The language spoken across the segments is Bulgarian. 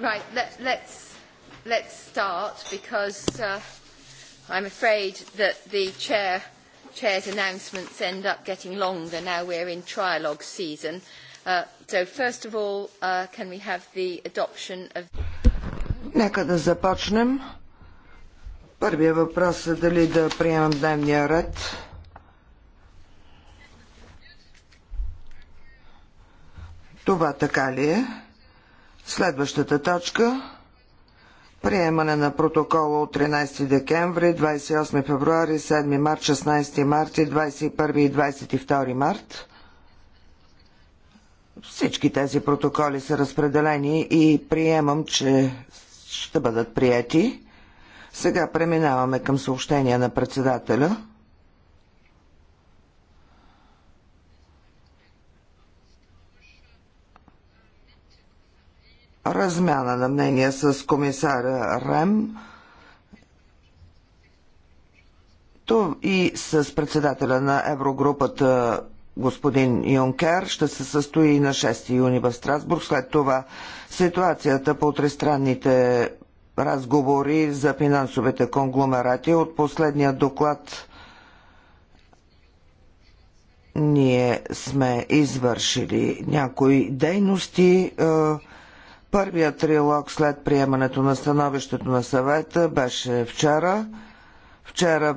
Right, let, let's, let's start because uh, I'm afraid that the chair, chair's announcements end up getting longer now we're in trialogue season. Uh, so first of all, uh, can we have the adoption of... Нека да започнем. Първият въпрос е дали да приемам дневния ред. Това така ли е? Следващата точка Приемане на протокола от 13 декември, 28 февруари, 7 март, 16 март 21 и 22 март. Всички тези протоколи са разпределени и приемам, че ще бъдат прияти. Сега преминаваме към съобщения на председателя. размяна на мнения с комисара Рем и с председателя на Еврогрупата господин Юнкер ще се състои на 6 юни в Страсбург. След това ситуацията по тристранните разговори за финансовите конгломерати от последния доклад ние сме извършили някои дейности. Е, Първият трилог след приемането на становището на съвета беше вчера. Вчера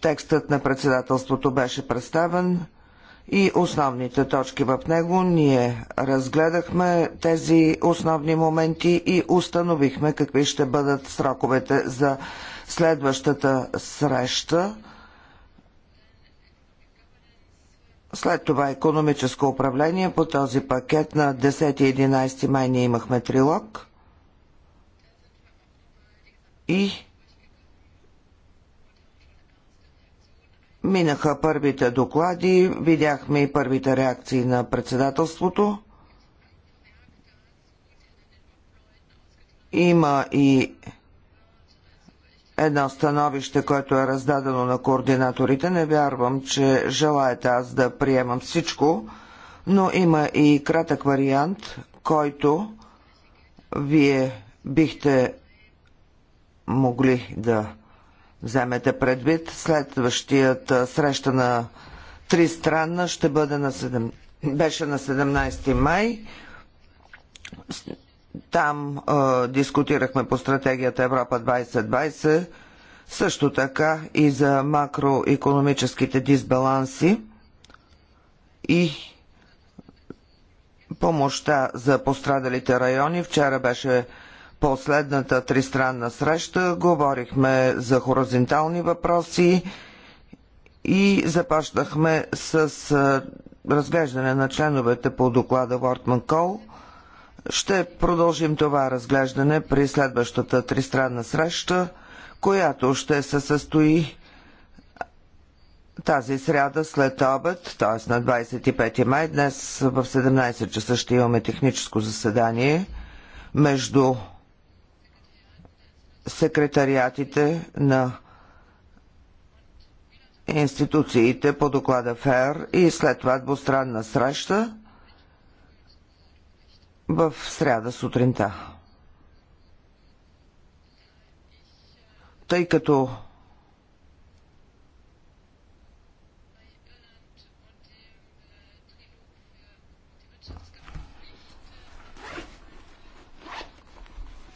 текстът на председателството беше представен и основните точки в него. Ние разгледахме тези основни моменти и установихме какви ще бъдат сроковете за следващата среща След това економическо управление по този пакет на 10 и 11 май ние имахме трилог. И Минаха първите доклади, видяхме и първите реакции на председателството. Има и едно становище, което е раздадено на координаторите. Не вярвам, че желаете аз да приемам всичко, но има и кратък вариант, който вие бихте могли да вземете предвид. Следващият среща на три страна ще бъде на 7... беше на 17 май. Там е, дискутирахме по стратегията Европа 2020, също така и за макроекономическите дисбаланси и помощта за пострадалите райони. Вчера беше последната тристранна среща. Говорихме за хоризонтални въпроси и започнахме с разглеждане на членовете по доклада Вортман Кол. Ще продължим това разглеждане при следващата тристранна среща, която ще се състои тази сряда след обед, т.е. на 25 май. Днес в 17 часа ще имаме техническо заседание между секретариатите на институциите по доклада ФЕР и след това двустранна среща в сряда сутринта. Тъй като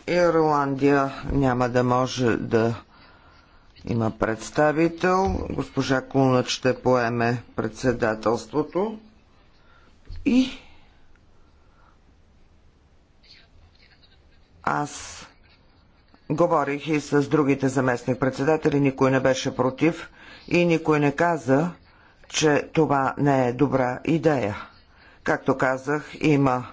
Ирландия няма да може да има представител. Госпожа Кулнат ще поеме председателството и Аз говорих и с другите заместник-председатели, никой не беше против и никой не каза, че това не е добра идея. Както казах, има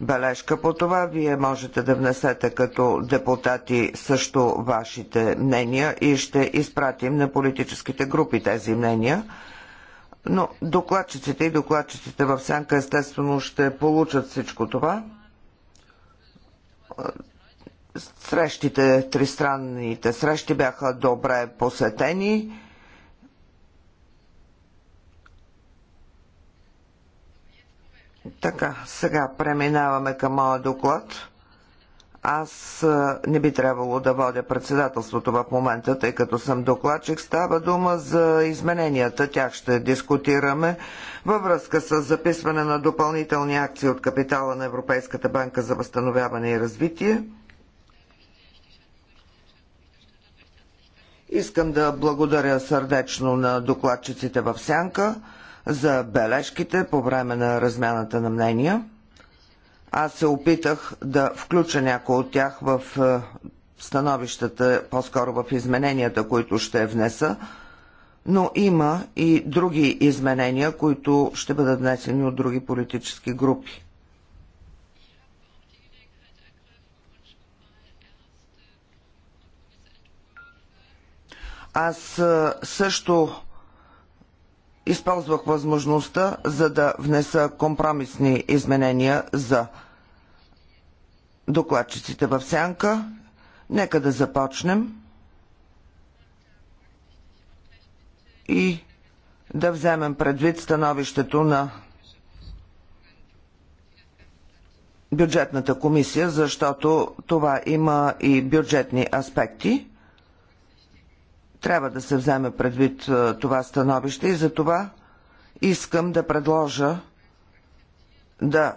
бележка по това. Вие можете да внесете като депутати също вашите мнения и ще изпратим на политическите групи тези мнения. Но докладчиците и докладчиците в сянка естествено ще получат всичко това. Срещите, тристранните срещи бяха добре посетени. Така, сега преминаваме към моя доклад. Аз не би трябвало да водя председателството в момента, тъй като съм докладчик. Става дума за измененията. Тях ще дискутираме във връзка с записване на допълнителни акции от капитала на Европейската банка за възстановяване и развитие. Искам да благодаря сърдечно на докладчиците в Сянка за бележките по време на размяната на мнения. Аз се опитах да включа някои от тях в е, становищата, по-скоро в измененията, които ще внеса, но има и други изменения, които ще бъдат внесени от други политически групи. Аз е, също използвах възможността, за да внеса компромисни изменения за докладчиците в сянка. Нека да започнем и да вземем предвид становището на бюджетната комисия, защото това има и бюджетни аспекти трябва да се вземе предвид е, това становище и за това искам да предложа да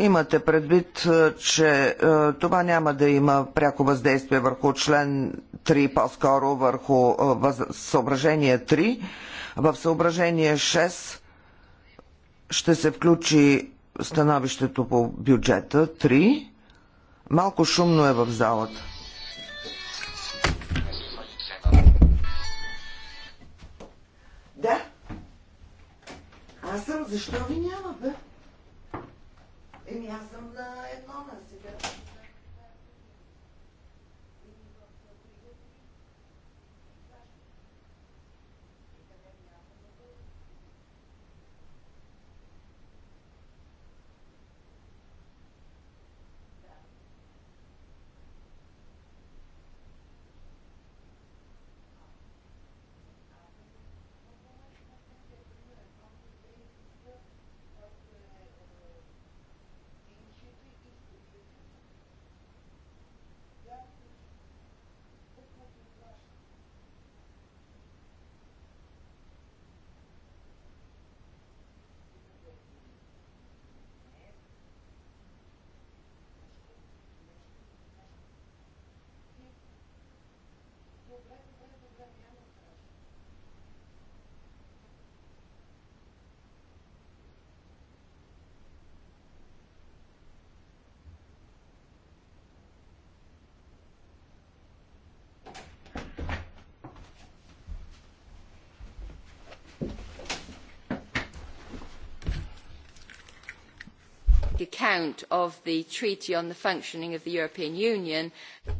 Имате предвид, е, че е, това няма да има пряко въздействие върху член 3, по-скоро върху съображение 3. В съображение 6 ще се включи становището по бюджета 3. Малко шумно е в залата. Да. Аз съм. Защо ви няма, бе? Еми аз съм на едно на сега.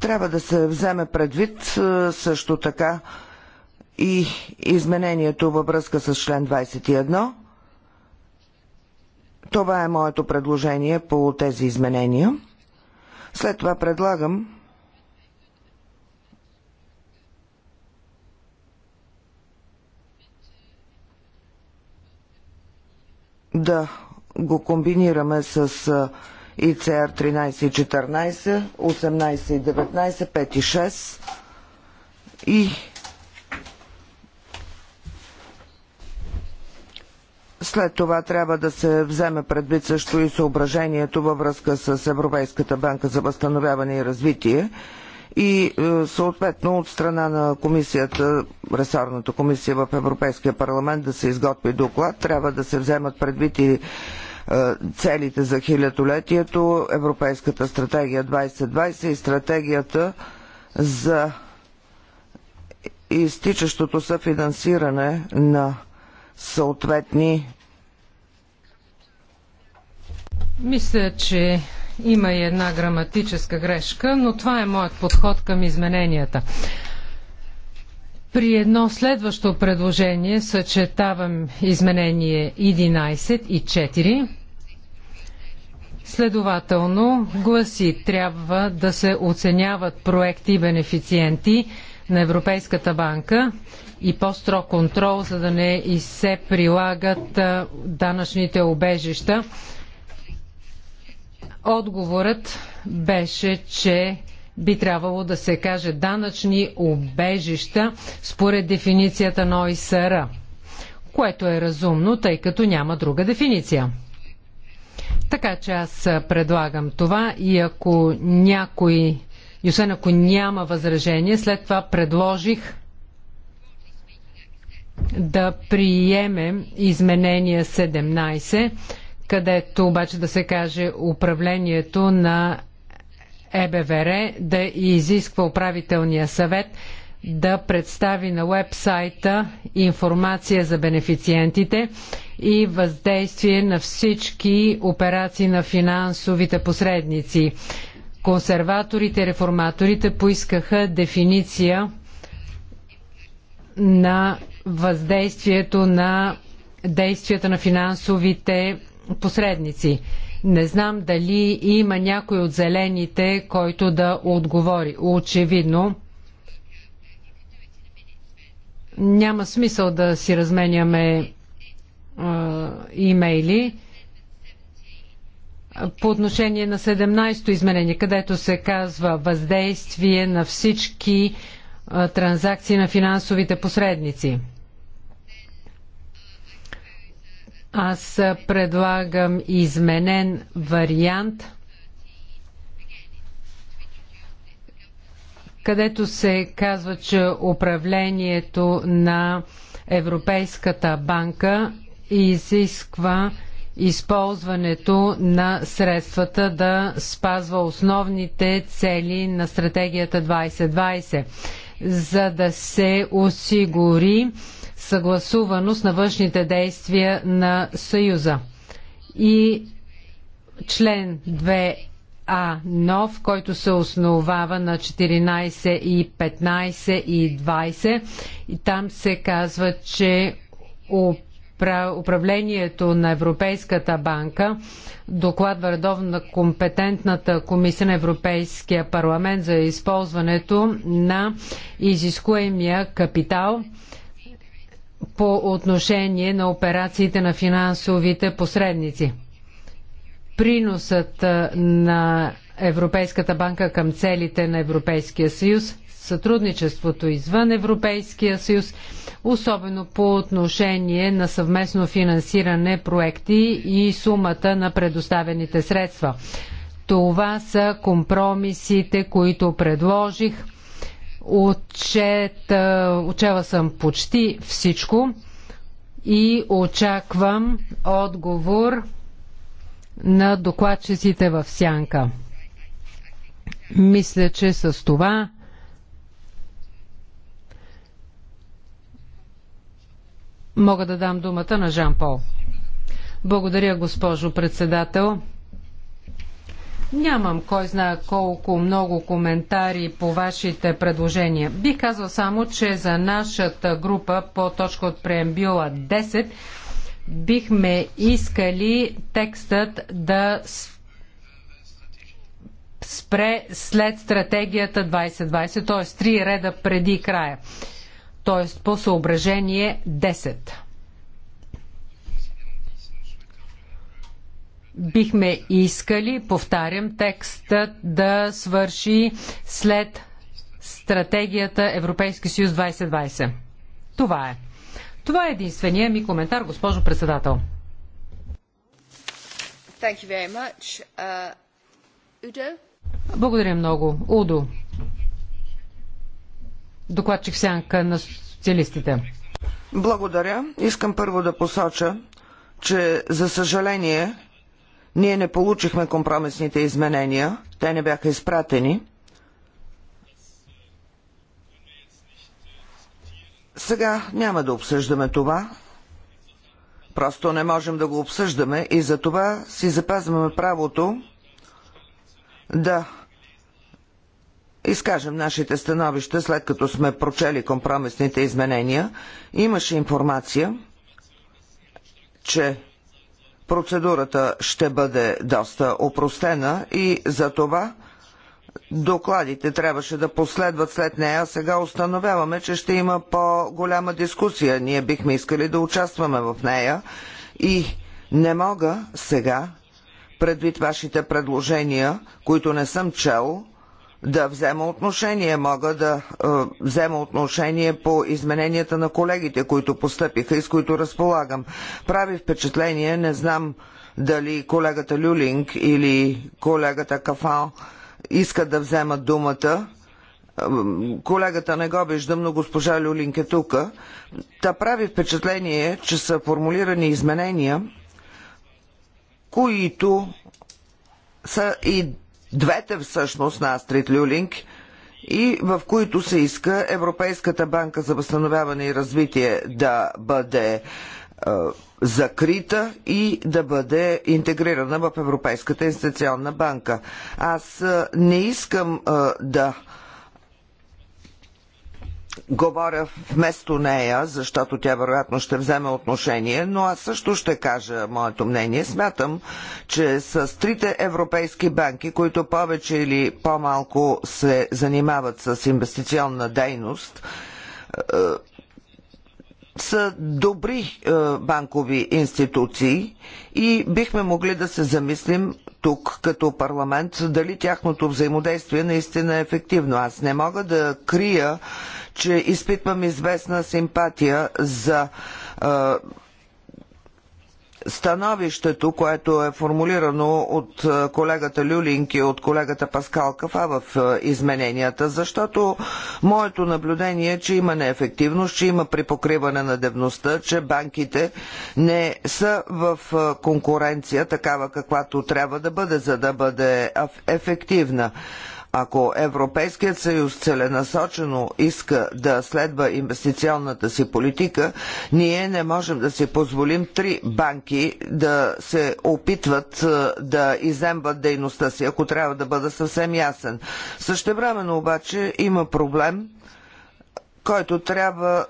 Трябва да се вземе предвид е, също така и изменението във връзка с член 21. Това е моето предложение по тези изменения. След това предлагам да го комбинираме с ИЦР 13 и 14, 18 и 19, 5 и 6 и След това трябва да се вземе предвид също и съображението във връзка с Европейската банка за възстановяване и развитие и е, съответно от страна на комисията, ресорната комисия в Европейския парламент да се изготви доклад. Трябва да се вземат предвид и е, целите за хилядолетието, Европейската стратегия 2020 и стратегията за изтичащото съфинансиране на съответни. Мисля, че има и една граматическа грешка, но това е моят подход към измененията. При едно следващо предложение съчетавам изменение 11 и 4. Следователно, гласи трябва да се оценяват проекти и бенефициенти на Европейската банка и по-строг контрол, за да не и се прилагат данъчните обежища Отговорът беше, че би трябвало да се каже данъчни убежища според дефиницията на ОИСР, което е разумно, тъй като няма друга дефиниция. Така че аз предлагам това и ако някой, и освен ако няма възражение, след това предложих да приемем изменение 17, където обаче да се каже управлението на ЕБВР да изисква управителния съвет да представи на уебсайта информация за бенефициентите и въздействие на всички операции на финансовите посредници. Консерваторите и реформаторите поискаха дефиниция на въздействието на действията на финансовите посредници. Не знам дали има някой от зелените, който да отговори. Очевидно, няма смисъл да си разменяме е, имейли. По отношение на 17-то изменение, където се казва въздействие на всички е, транзакции на финансовите посредници. Аз предлагам изменен вариант, където се казва, че управлението на Европейската банка изисква използването на средствата да спазва основните цели на стратегията 2020, за да се осигури съгласуваност на външните действия на Съюза. И член 2а нов, който се основава на 14 и 15 и 20. И там се казва, че управлението на Европейската банка докладва редовно на компетентната комисия на Европейския парламент за използването на изискуемия капитал – по отношение на операциите на финансовите посредници. Приносът на Европейската банка към целите на Европейския съюз, сътрудничеството извън Европейския съюз, особено по отношение на съвместно финансиране проекти и сумата на предоставените средства. Това са компромисите, които предложих Отчета, отчела съм почти всичко и очаквам отговор на докладчиците в сянка. Мисля, че с това мога да дам думата на Жан Пол. Благодаря, госпожо председател. Нямам кой знае колко много коментари по вашите предложения. Бих казал само, че за нашата група по точка от преембила 10 бихме искали текстът да спре след стратегията 2020, т.е. три реда преди края, т.е. по съображение 10. бихме искали, повтарям, текстът да свърши след стратегията Европейски съюз 2020. Това е. Това е единствения ми коментар, госпожо председател. Uh, Благодаря много. Удо. Докладчик сянка на социалистите. Благодаря. Искам първо да посоча, че за съжаление ние не получихме компромисните изменения, те не бяха изпратени. Сега няма да обсъждаме това. Просто не можем да го обсъждаме и за това си запазваме правото да изкажем нашите становища, след като сме прочели компромисните изменения. Имаше информация, че процедурата ще бъде доста опростена и за това докладите трябваше да последват след нея. Сега установяваме, че ще има по-голяма дискусия. Ние бихме искали да участваме в нея и не мога сега, предвид вашите предложения, които не съм чел, да взема отношение. Мога да е, взема отношение по измененията на колегите, които постъпиха и с които разполагам. Прави впечатление, не знам дали колегата Люлинг или колегата Кафал искат да вземат думата. Е, колегата не го виждам, но госпожа Люлинг е тук. Та прави впечатление, че са формулирани изменения, които са и двете всъщност на Астрид Люлинг и в които се иска Европейската банка за възстановяване и развитие да бъде е, закрита и да бъде интегрирана в Европейската инвестиционна банка. Аз е, не искам е, да говоря вместо нея, защото тя вероятно ще вземе отношение, но аз също ще кажа моето мнение. Смятам, че с трите европейски банки, които повече или по-малко се занимават с инвестиционна дейност, е, са добри е, банкови институции и бихме могли да се замислим тук като парламент, дали тяхното взаимодействие наистина е ефективно. Аз не мога да крия, че изпитвам известна симпатия за становището, което е формулирано от е, колегата Люлинг и от колегата Паскал Кафа в е, измененията, защото моето наблюдение е, че има неефективност, че има припокриване на девността, че банките не са в е, конкуренция такава каквато трябва да бъде, за да бъде ефективна. Ако Европейският съюз целенасочено иска да следва инвестиционната си политика, ние не можем да си позволим три банки да се опитват да иземват дейността си, ако трябва да бъда съвсем ясен. Същевременно обаче има проблем, който трябва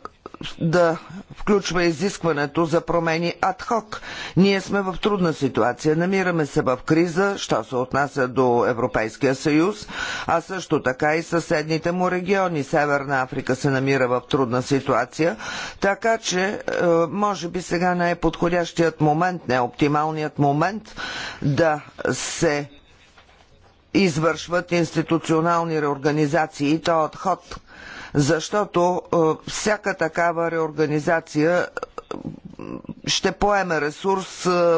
да включва изискването за промени адхок. Ние сме в трудна ситуация. Намираме се в криза, що се отнася до Европейския съюз, а също така и съседните му региони. Северна Африка се намира в трудна ситуация, така че е, може би сега не е подходящият момент, не е оптималният момент да се извършват институционални реорганизации и то отход защото е, всяка такава реорганизация е, ще поеме ресурс е,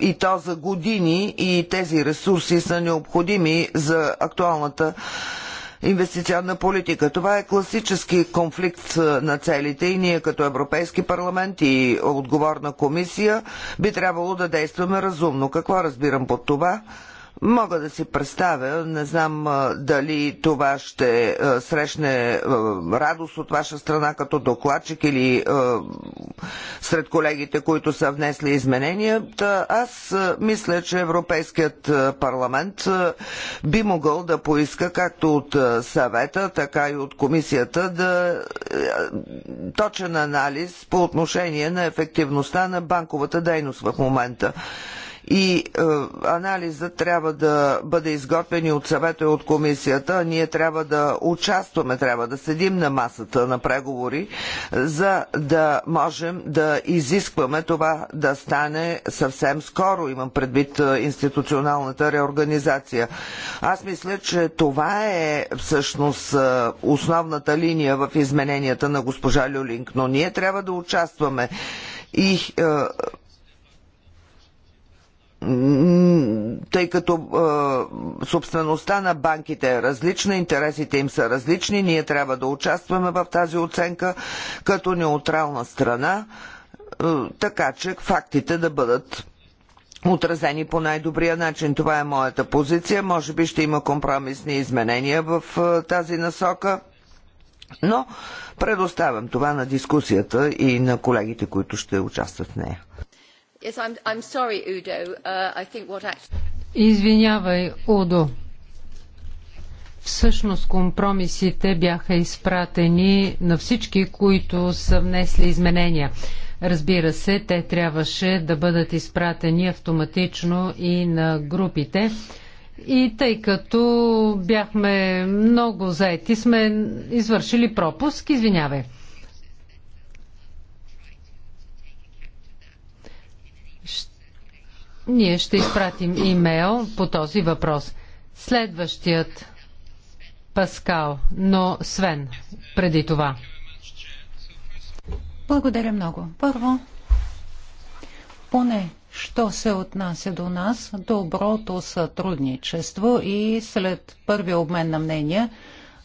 и то за години и тези ресурси са необходими за актуалната инвестиционна политика. Това е класически конфликт на целите и ние като Европейски парламент и отговорна комисия би трябвало да действаме разумно. Какво разбирам под това? Мога да си представя, не знам дали това ще срещне радост от ваша страна като докладчик или сред колегите, които са внесли изменения. Аз мисля, че Европейският парламент би могъл да поиска както от съвета, така и от комисията да точен анализ по отношение на ефективността на банковата дейност в момента и е, анализът трябва да бъде изготвен и от съвета и от комисията. Ние трябва да участваме, трябва да седим на масата на преговори, за да можем да изискваме това да стане съвсем скоро. Имам предвид е, институционалната реорганизация. Аз мисля, че това е всъщност е, основната линия в измененията на госпожа Люлинг, но ние трябва да участваме и е, тъй като е, собствеността на банките е различна, интересите им са различни, ние трябва да участваме в тази оценка като неутрална страна, е, така че фактите да бъдат отразени по най-добрия начин. Това е моята позиция. Може би ще има компромисни изменения в е, тази насока, но предоставям това на дискусията и на колегите, които ще участват в нея. Yes, I'm, I'm sorry, Udo. Uh, I think what actually... Извинявай, Удо. Всъщност компромисите бяха изпратени на всички, които са внесли изменения. Разбира се, те трябваше да бъдат изпратени автоматично и на групите. И тъй като бяхме много заети, сме извършили пропуск, извинявай. Ние ще изпратим имейл по този въпрос. Следващият Паскал, но Свен преди това. Благодаря много. Първо, поне що се отнася до нас, доброто сътрудничество и след първия обмен на мнения,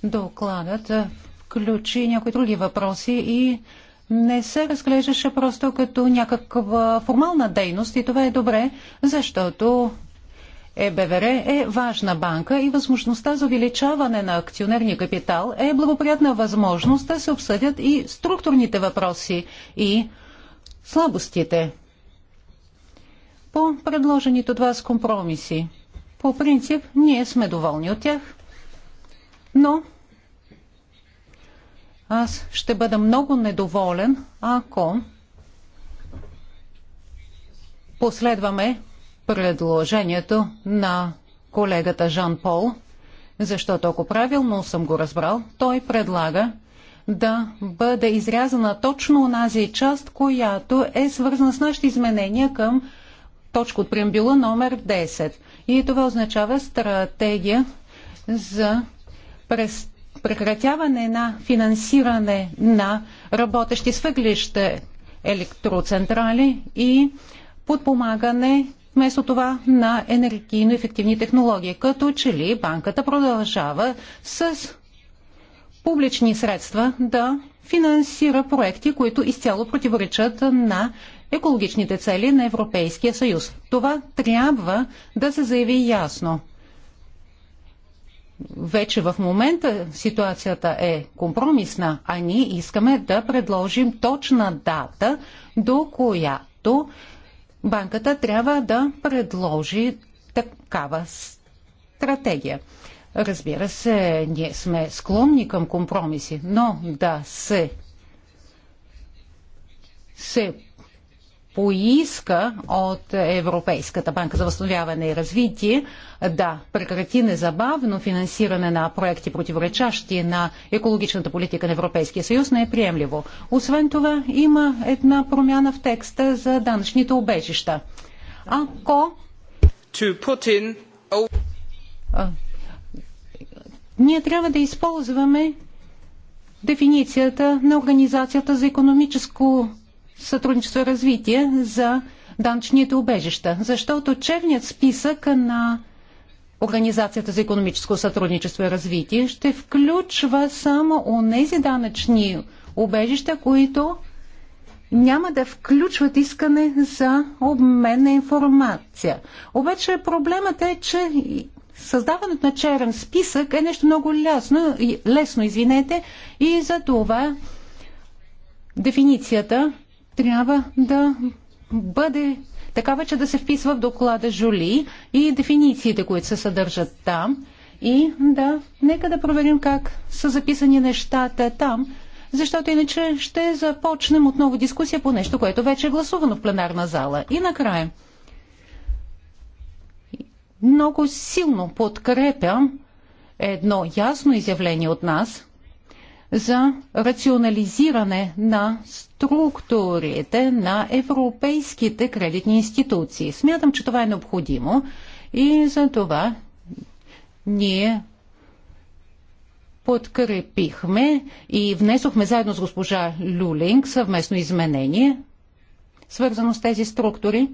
докладът включи някои други въпроси и не се разглеждаше просто като някаква формална дейност и това е добре, защото ЕБВР е важна банка и възможността за увеличаване на акционерния капитал е благоприятна възможност да се обсъдят и структурните въпроси и слабостите. По предложените от вас компромиси, по принцип, ние сме доволни от тях, но аз ще бъда много недоволен, ако последваме предложението на колегата Жан Пол, защото ако правилно съм го разбрал, той предлага да бъде изрязана точно онази част, която е свързана с нашите изменения към точка от преамбюла номер 10. И това означава стратегия за през прекратяване на финансиране на работещи с въглища електроцентрали и подпомагане вместо това на енергийно ефективни технологии, като че ли банката продължава с публични средства да финансира проекти, които изцяло противоречат на екологичните цели на Европейския съюз. Това трябва да се заяви ясно вече в момента ситуацията е компромисна, а ние искаме да предложим точна дата, до която банката трябва да предложи такава стратегия. Разбира се, ние сме склонни към компромиси, но да се се поиска от Европейската банка за възстановяване и развитие да прекрати незабавно финансиране на проекти противоречащи на екологичната политика на Европейския съюз не е приемливо. Освен това има една промяна в текста за данъчните обежища. Ако in... а, ние трябва да използваме дефиницията на Организацията за економическо сътрудничество и развитие за данчните убежища, защото черният списък на Организацията за економическо сътрудничество и развитие ще включва само онези данъчни убежища, които няма да включват искане за обмен на информация. Обаче проблемът е, че създаването на черен списък е нещо много лесно, лесно извинете, и за това дефиницията трябва да бъде такава, че да се вписва в доклада Жули и дефинициите, които се съдържат там. И да, нека да проверим как са записани нещата там, защото иначе ще започнем отново дискусия по нещо, което вече е гласувано в пленарна зала. И накрая. Много силно подкрепям едно ясно изявление от нас – за рационализиране на структурите на европейските кредитни институции. Смятам, че това е необходимо и за това ние подкрепихме и внесохме заедно с госпожа Люлинг съвместно изменение, свързано с тези структури,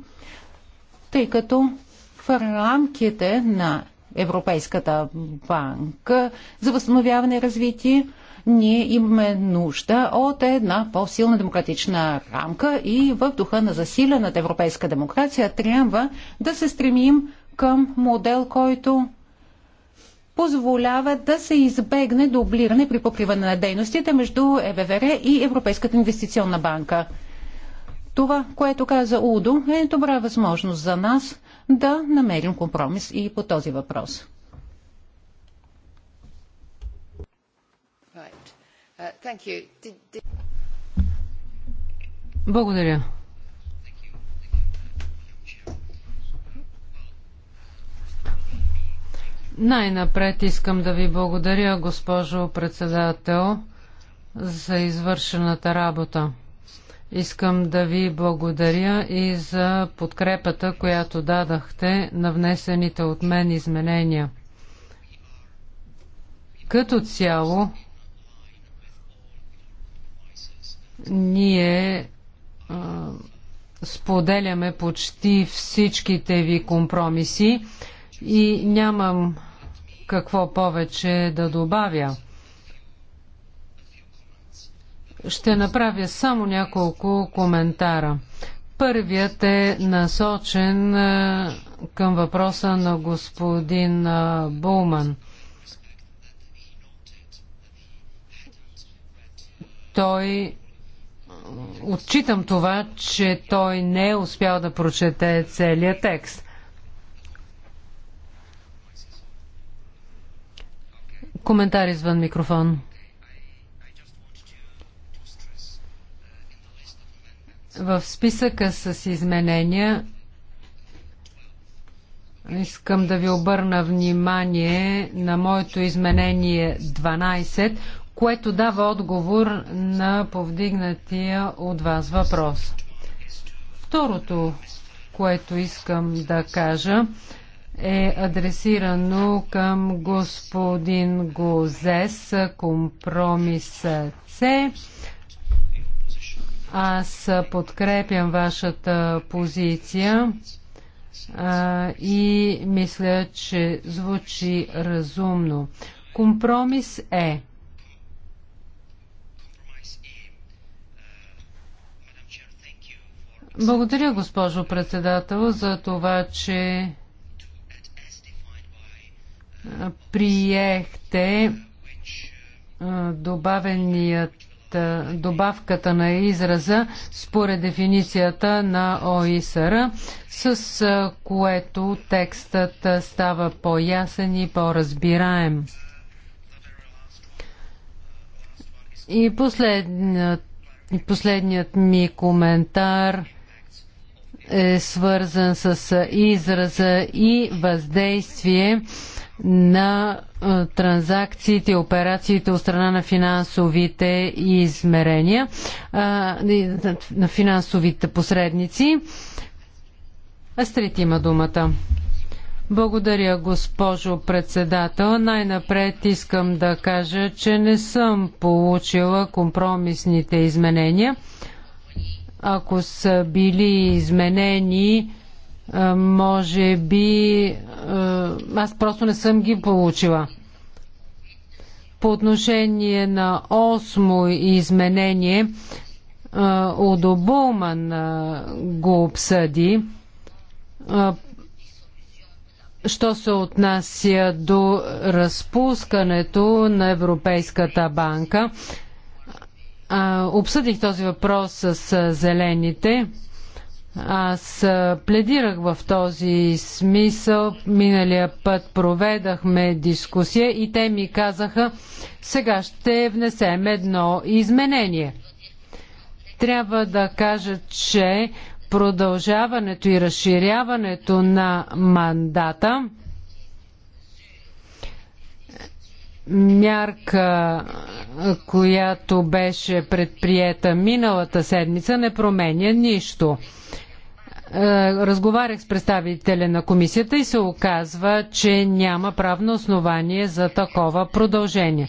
тъй като в рамките на Европейската банка за възстановяване и развитие ние имаме нужда от една по-силна демократична рамка и в духа на засилената европейска демокрация трябва да се стремим към модел, който позволява да се избегне дублиране при покриване на дейностите между ЕВВР и Европейската инвестиционна банка. Това, което каза Удо, е добра възможност за нас да намерим компромис и по този въпрос. Благодаря. Най-напред искам да ви благодаря, госпожо председател, за извършената работа. Искам да ви благодаря и за подкрепата, която дадахте на внесените от мен изменения. Като цяло, Ние а, споделяме почти всичките ви компромиси и нямам какво повече да добавя. Ще направя само няколко коментара. Първият е насочен към въпроса на господин Булман. Той отчитам това, че той не е успял да прочете целият текст. Коментар извън микрофон. В списъка с изменения искам да ви обърна внимание на моето изменение 12, което дава отговор на повдигнатия от вас въпрос. Второто, което искам да кажа, е адресирано към господин Гозес, компромис С. Аз подкрепям вашата позиция а, и мисля, че звучи разумно. Компромис е Благодаря, госпожо председател, за това, че приехте добавеният, добавката на израза според дефиницията на ОИСР, с което текстът става по-ясен и по-разбираем. И последният ми коментар – е свързан с израза и въздействие на транзакциите, операциите от страна на финансовите измерения, на финансовите посредници. Астрит има думата. Благодаря, госпожо председател. Най-напред искам да кажа, че не съм получила компромисните изменения. Ако са били изменени, може би аз просто не съм ги получила. По отношение на осмо изменение, Удобулман го обсъди. Що се отнася до разпускането на Европейската банка, обсъдих този въпрос с зелените. Аз пледирах в този смисъл. Миналия път проведахме дискусия и те ми казаха, сега ще внесем едно изменение. Трябва да кажа, че продължаването и разширяването на мандата мярка, която беше предприета миналата седмица, не променя нищо. Е, разговарях с представителя на комисията и се оказва, че няма правно основание за такова продължение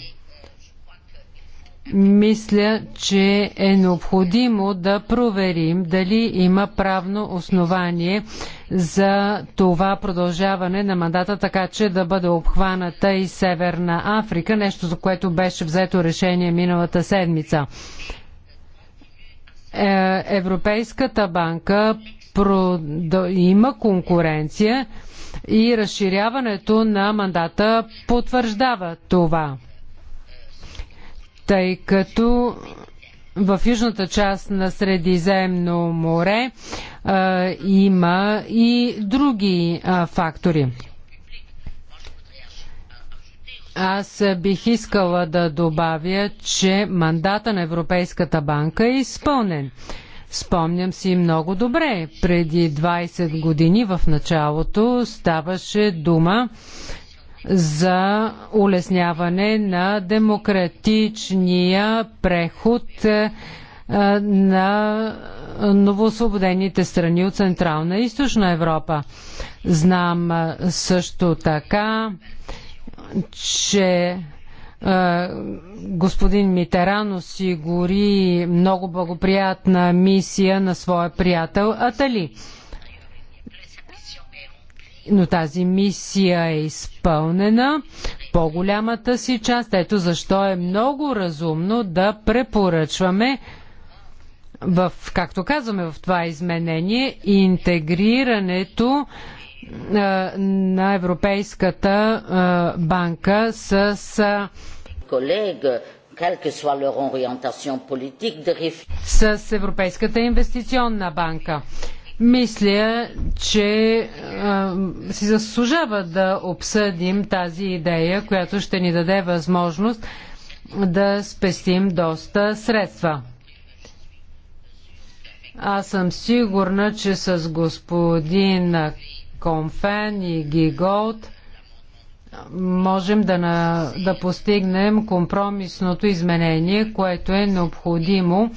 мисля, че е необходимо да проверим дали има правно основание за това продължаване на мандата, така че да бъде обхваната и Северна Африка, нещо за което беше взето решение миналата седмица. Е, Европейската банка има конкуренция и разширяването на мандата потвърждава това тъй като в южната част на Средиземно море а, има и други а, фактори. Аз бих искала да добавя, че мандата на Европейската банка е изпълнен. Спомням си много добре, преди 20 години в началото ставаше дума за улесняване на демократичния преход е, на новосвободените страни от Централна и Източна Европа. Знам е, също така, че е, господин Митеран осигури много благоприятна мисия на своя приятел Атали но тази мисия е изпълнена по-голямата си част. Ето защо е много разумно да препоръчваме в, както казваме в това изменение, интегрирането на Европейската банка с с Европейската инвестиционна банка. Мисля, че а, си заслужава да обсъдим тази идея, която ще ни даде възможност да спестим доста средства. Аз съм сигурна, че с господин Конфен и Гиголд можем да, на, да постигнем компромисното изменение, което е необходимо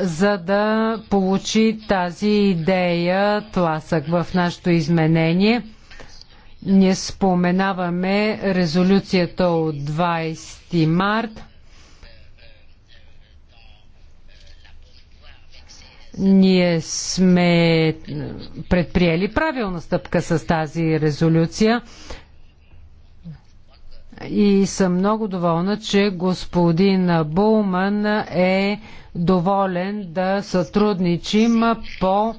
за да получи тази идея тласък в нашето изменение. Ние споменаваме резолюцията от 20 март. Ние сме предприели правилна стъпка с тази резолюция и съм много доволна, че господин Булман е доволен да сътрудничим по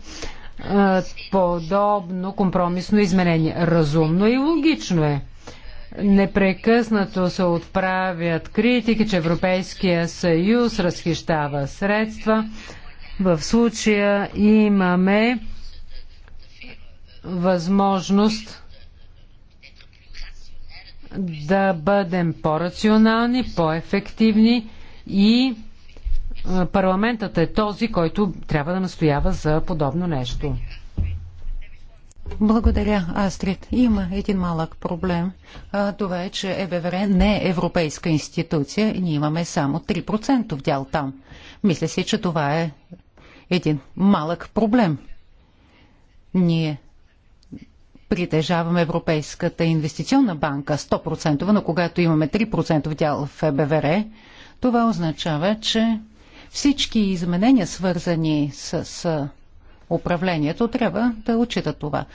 подобно компромисно изменение. Разумно и логично е. Непрекъснато се отправят критики, че Европейския съюз разхищава средства. В случая имаме възможност да бъдем по-рационални, по-ефективни и парламентът е този, който трябва да настоява за подобно нещо. Благодаря, Астрид. Има един малък проблем. А, това е, че ЕБВР не е европейска институция. Ние имаме само 3% дял там. Мисля си, че това е един малък проблем. Ние притежаваме Европейската инвестиционна банка 100%, но когато имаме 3% дял в ЕБВР, това означава, че всички изменения, свързани с, с управлението, трябва да отчитат това.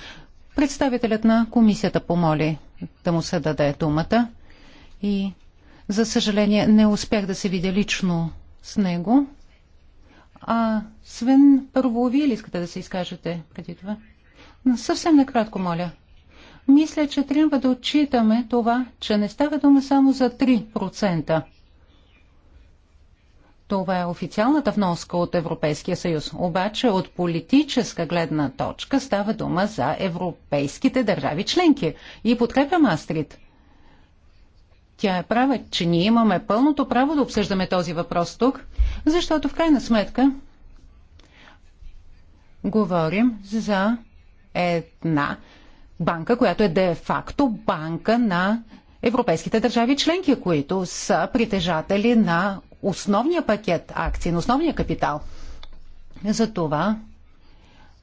Представителят на комисията помоли да му се даде думата и, за съжаление, не успях да се видя лично с него. А, Свен, първо, вие ли искате да се изкажете преди това? Съвсем накратко, моля. Мисля, че трябва да отчитаме това, че не става дума само за 3%. Това е официалната вноска от Европейския съюз. Обаче от политическа гледна точка става дума за европейските държави членки. И подкрепям Мастрит. Тя е права, че ние имаме пълното право да обсъждаме този въпрос тук, защото в крайна сметка говорим за една банка, която е де-факто банка на европейските държави членки, които са притежатели на основния пакет акции, на основния капитал. Затова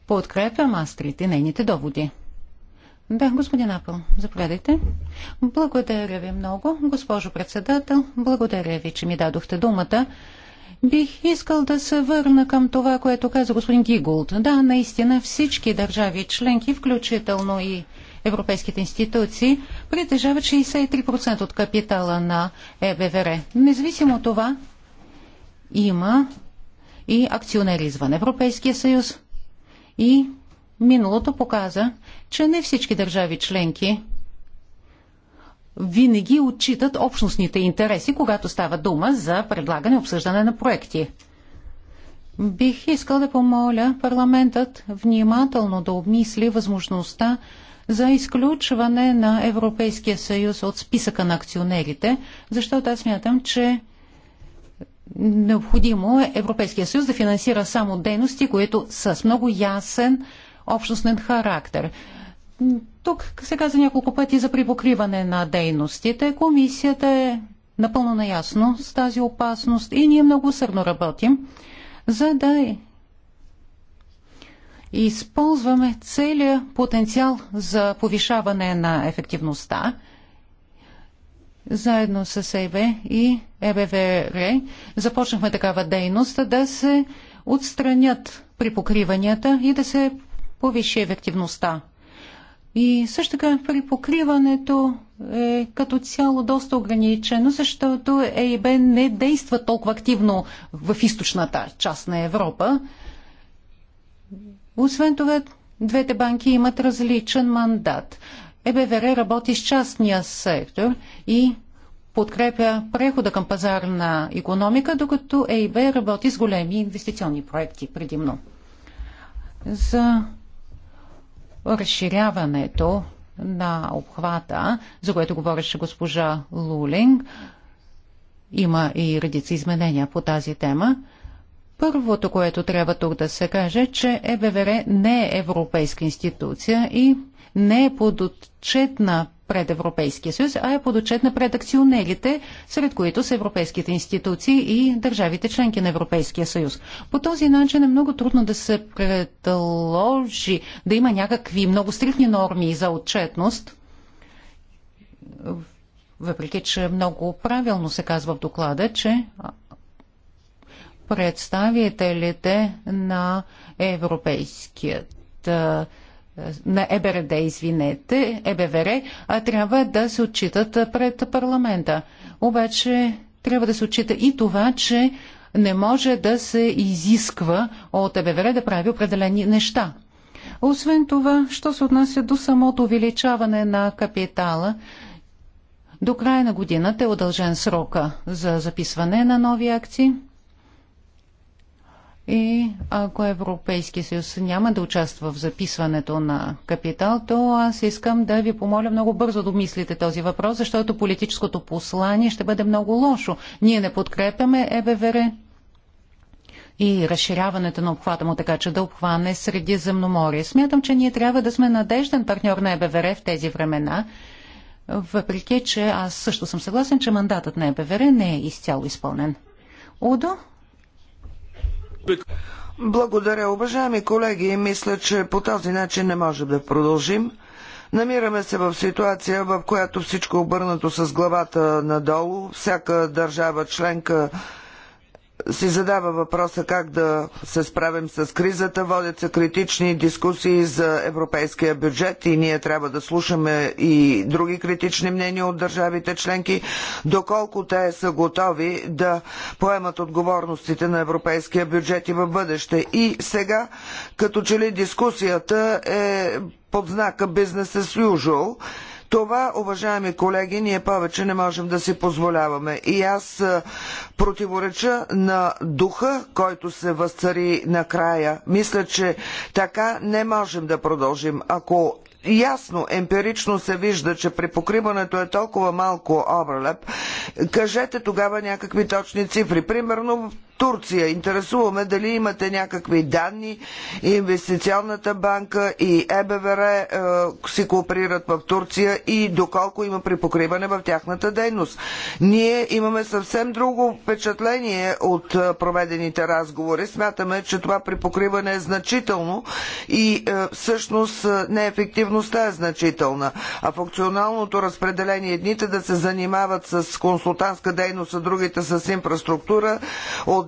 подкрепям Астрид и нейните доводи. Да, господин Апъл, заповядайте. Благодаря ви много, госпожо председател. Благодаря ви, че ми дадохте думата. Бих искал да се върна към това, което каза господин Гигулд. Да, наистина всички държави членки, включително и европейските институции, притежават 63% от капитала на ЕБВР. Независимо от това, има и акционери извън Европейския съюз. И миналото показа, че не всички държави членки винаги отчитат общностните интереси, когато става дума за предлагане и обсъждане на проекти. Бих искал да помоля парламентът внимателно да обмисли възможността за изключване на Европейския съюз от списъка на акционерите, защото аз смятам, че необходимо е Европейския съюз да финансира само дейности, които са с много ясен общностен характер. Тук се каза няколко пъти за припокриване на дейностите. Комисията е напълно наясно с тази опасност и ние много усърдно работим, за да използваме целият потенциал за повишаване на ефективността заедно с ЕБ и ЕБВР започнахме такава дейност да се отстранят при покриванията и да се повиши ефективността и също така при покриването е като цяло доста ограничено, защото ЕИБ не действа толкова активно в източната част на Европа. Освен това, двете банки имат различен мандат. ЕБВР работи с частния сектор и подкрепя прехода към пазарна економика, докато ЕИБ работи с големи инвестиционни проекти предимно. За разширяването на обхвата, за което говореше госпожа Лулинг. Има и редица изменения по тази тема. Първото, което трябва тук да се каже, че ЕБВР не е европейска институция и не е подотчетна пред Европейския съюз, а е на пред акционерите, сред които са европейските институции и държавите членки на Европейския съюз. По този начин е много трудно да се предложи да има някакви много стрихни норми за отчетност, въпреки че много правилно се казва в доклада, че представителите на Европейският на ЕБРД, извинете, ЕБВР, а трябва да се отчитат пред парламента. Обаче трябва да се отчита и това, че не може да се изисква от ЕБВР да прави определени неща. Освен това, що се отнася до самото увеличаване на капитала, до края на годината е удължен срока за записване на нови акции – и ако Европейския съюз няма да участва в записването на капитал, то аз искам да ви помоля много бързо да мислите този въпрос, защото политическото послание ще бъде много лошо. Ние не подкрепяме ЕБВР и разширяването на обхвата му така, че да обхване Средиземноморие. Смятам, че ние трябва да сме надежден партньор на ЕБВР в тези времена, въпреки че аз също съм съгласен, че мандатът на ЕБВР не е изцяло изпълнен. Удо, благодаря, уважаеми колеги. Мисля, че по този начин не можем да продължим. Намираме се в ситуация, в която всичко е обърнато с главата надолу, всяка държава членка си задава въпроса как да се справим с кризата. Водят се критични дискусии за европейския бюджет и ние трябва да слушаме и други критични мнения от държавите членки, доколко те са готови да поемат отговорностите на европейския бюджет и в бъдеще. И сега, като че ли дискусията е под знака бизнес as usual, това, уважаеми колеги, ние повече не можем да си позволяваме. И аз е, противореча на духа, който се възцари накрая. Мисля, че така не можем да продължим. Ако ясно, емпирично се вижда, че при покриването е толкова малко обралеп, кажете тогава някакви точни цифри. Примерно Турция. Интересуваме дали имате някакви данни. Инвестиционната банка и ЕБВР е, си кооперират в Турция и доколко има припокриване в тяхната дейност. Ние имаме съвсем друго впечатление от е, проведените разговори. Смятаме, че това припокриване е значително и е, всъщност неефективността е значителна. А функционалното разпределение едните да се занимават с консултантска дейност, а другите с инфраструктура,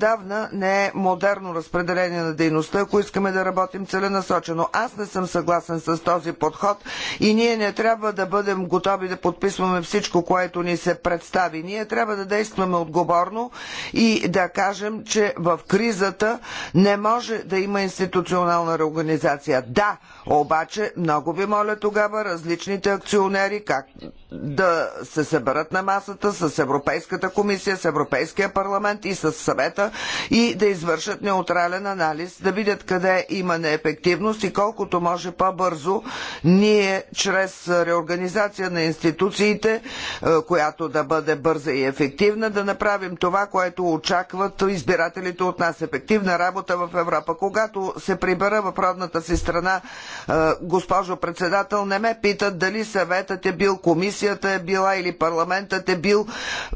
отдавна не е модерно разпределение на дейността, ако искаме да работим целенасочено. Аз не съм съгласен с този подход и ние не трябва да бъдем готови да подписваме всичко, което ни се представи. Ние трябва да действаме отговорно и да кажем, че в кризата не може да има институционална реорганизация. Да, обаче много ви моля тогава различните акционери, как да се съберат на масата с Европейската комисия, с Европейския парламент и с съвета и да извършат неутрален анализ, да видят къде има неефективност и колкото може по-бързо ние чрез реорганизация на институциите, е, която да бъде бърза и ефективна, да направим това, което очакват избирателите от нас. Ефективна работа в Европа. Когато се прибера в родната си страна, е, госпожо председател, не ме питат дали съветът е бил, комисията е била или парламентът е бил.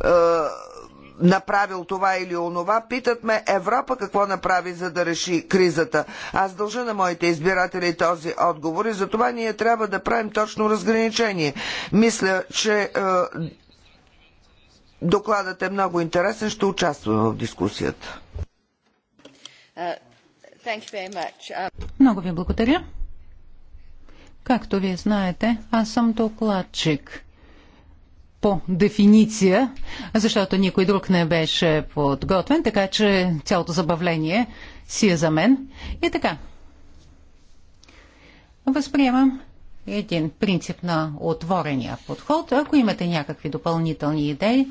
Е, направил това или онова. Питат ме Европа какво направи, за да реши кризата. Аз дължа на моите избиратели този отговор и затова ние трябва да правим точно разграничение. Мисля, че е, докладът е много интересен. Ще участвам в дискусията. Uh, uh, много ви благодаря. Както вие знаете, аз съм докладчик по дефиниция, защото никой друг не беше подготвен, така че цялото забавление си е за мен. И така. Възприемам един принцип на отворения подход. Ако имате някакви допълнителни идеи,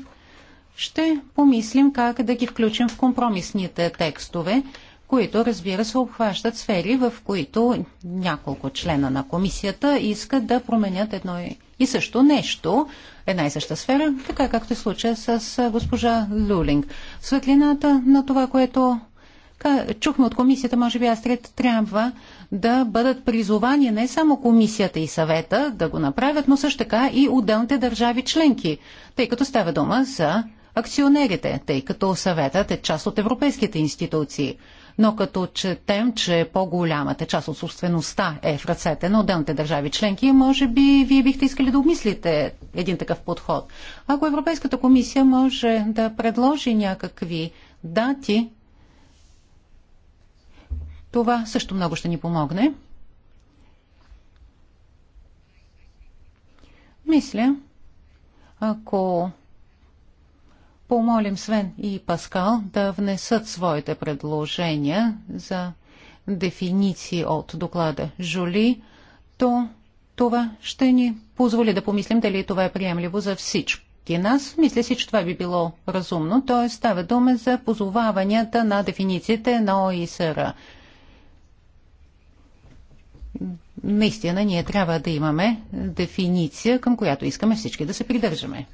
ще помислим как да ги включим в компромисните текстове, които, разбира се, обхващат сфери, в които няколко члена на комисията искат да променят едно и също нещо, една и съща сфера, така както е случая с госпожа Люлинг. светлината на това, което чухме от комисията, може би Астрид трябва да бъдат призовани не само комисията и съвета да го направят, но също така и отделните държави членки, тъй като става дума за акционерите, тъй като съветът е част от европейските институции но като четем, че по-голямата част от собствеността е в ръцете на отделните държави членки, може би вие бихте искали да обмислите един такъв подход. Ако Европейската комисия може да предложи някакви дати, това също много ще ни помогне. Мисля, ако помолим Свен и Паскал да внесат своите предложения за дефиниции от доклада Жули, то това ще ни позволи да помислим дали това е приемливо за всички нас. Мисля си, че това би било разумно, т.е. става дума за позоваванията на дефинициите на ОИСР. Наистина, ние трябва да имаме дефиниция, към която искаме всички да се придържаме.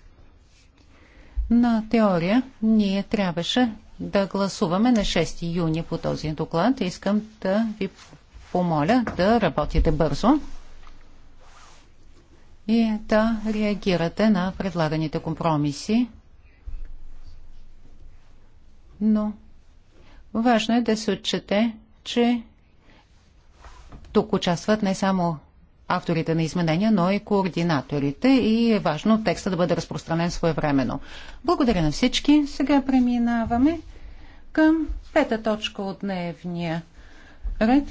На теория ние трябваше да гласуваме на 6 юни по този доклад. Искам да ви помоля да работите бързо и да реагирате на предлаганите компромиси. Но важно е да се отчете, че тук участват не само авторите на изменения, но и координаторите и е важно текста да бъде разпространен своевременно. Благодаря на всички. Сега преминаваме към пета точка от дневния ред.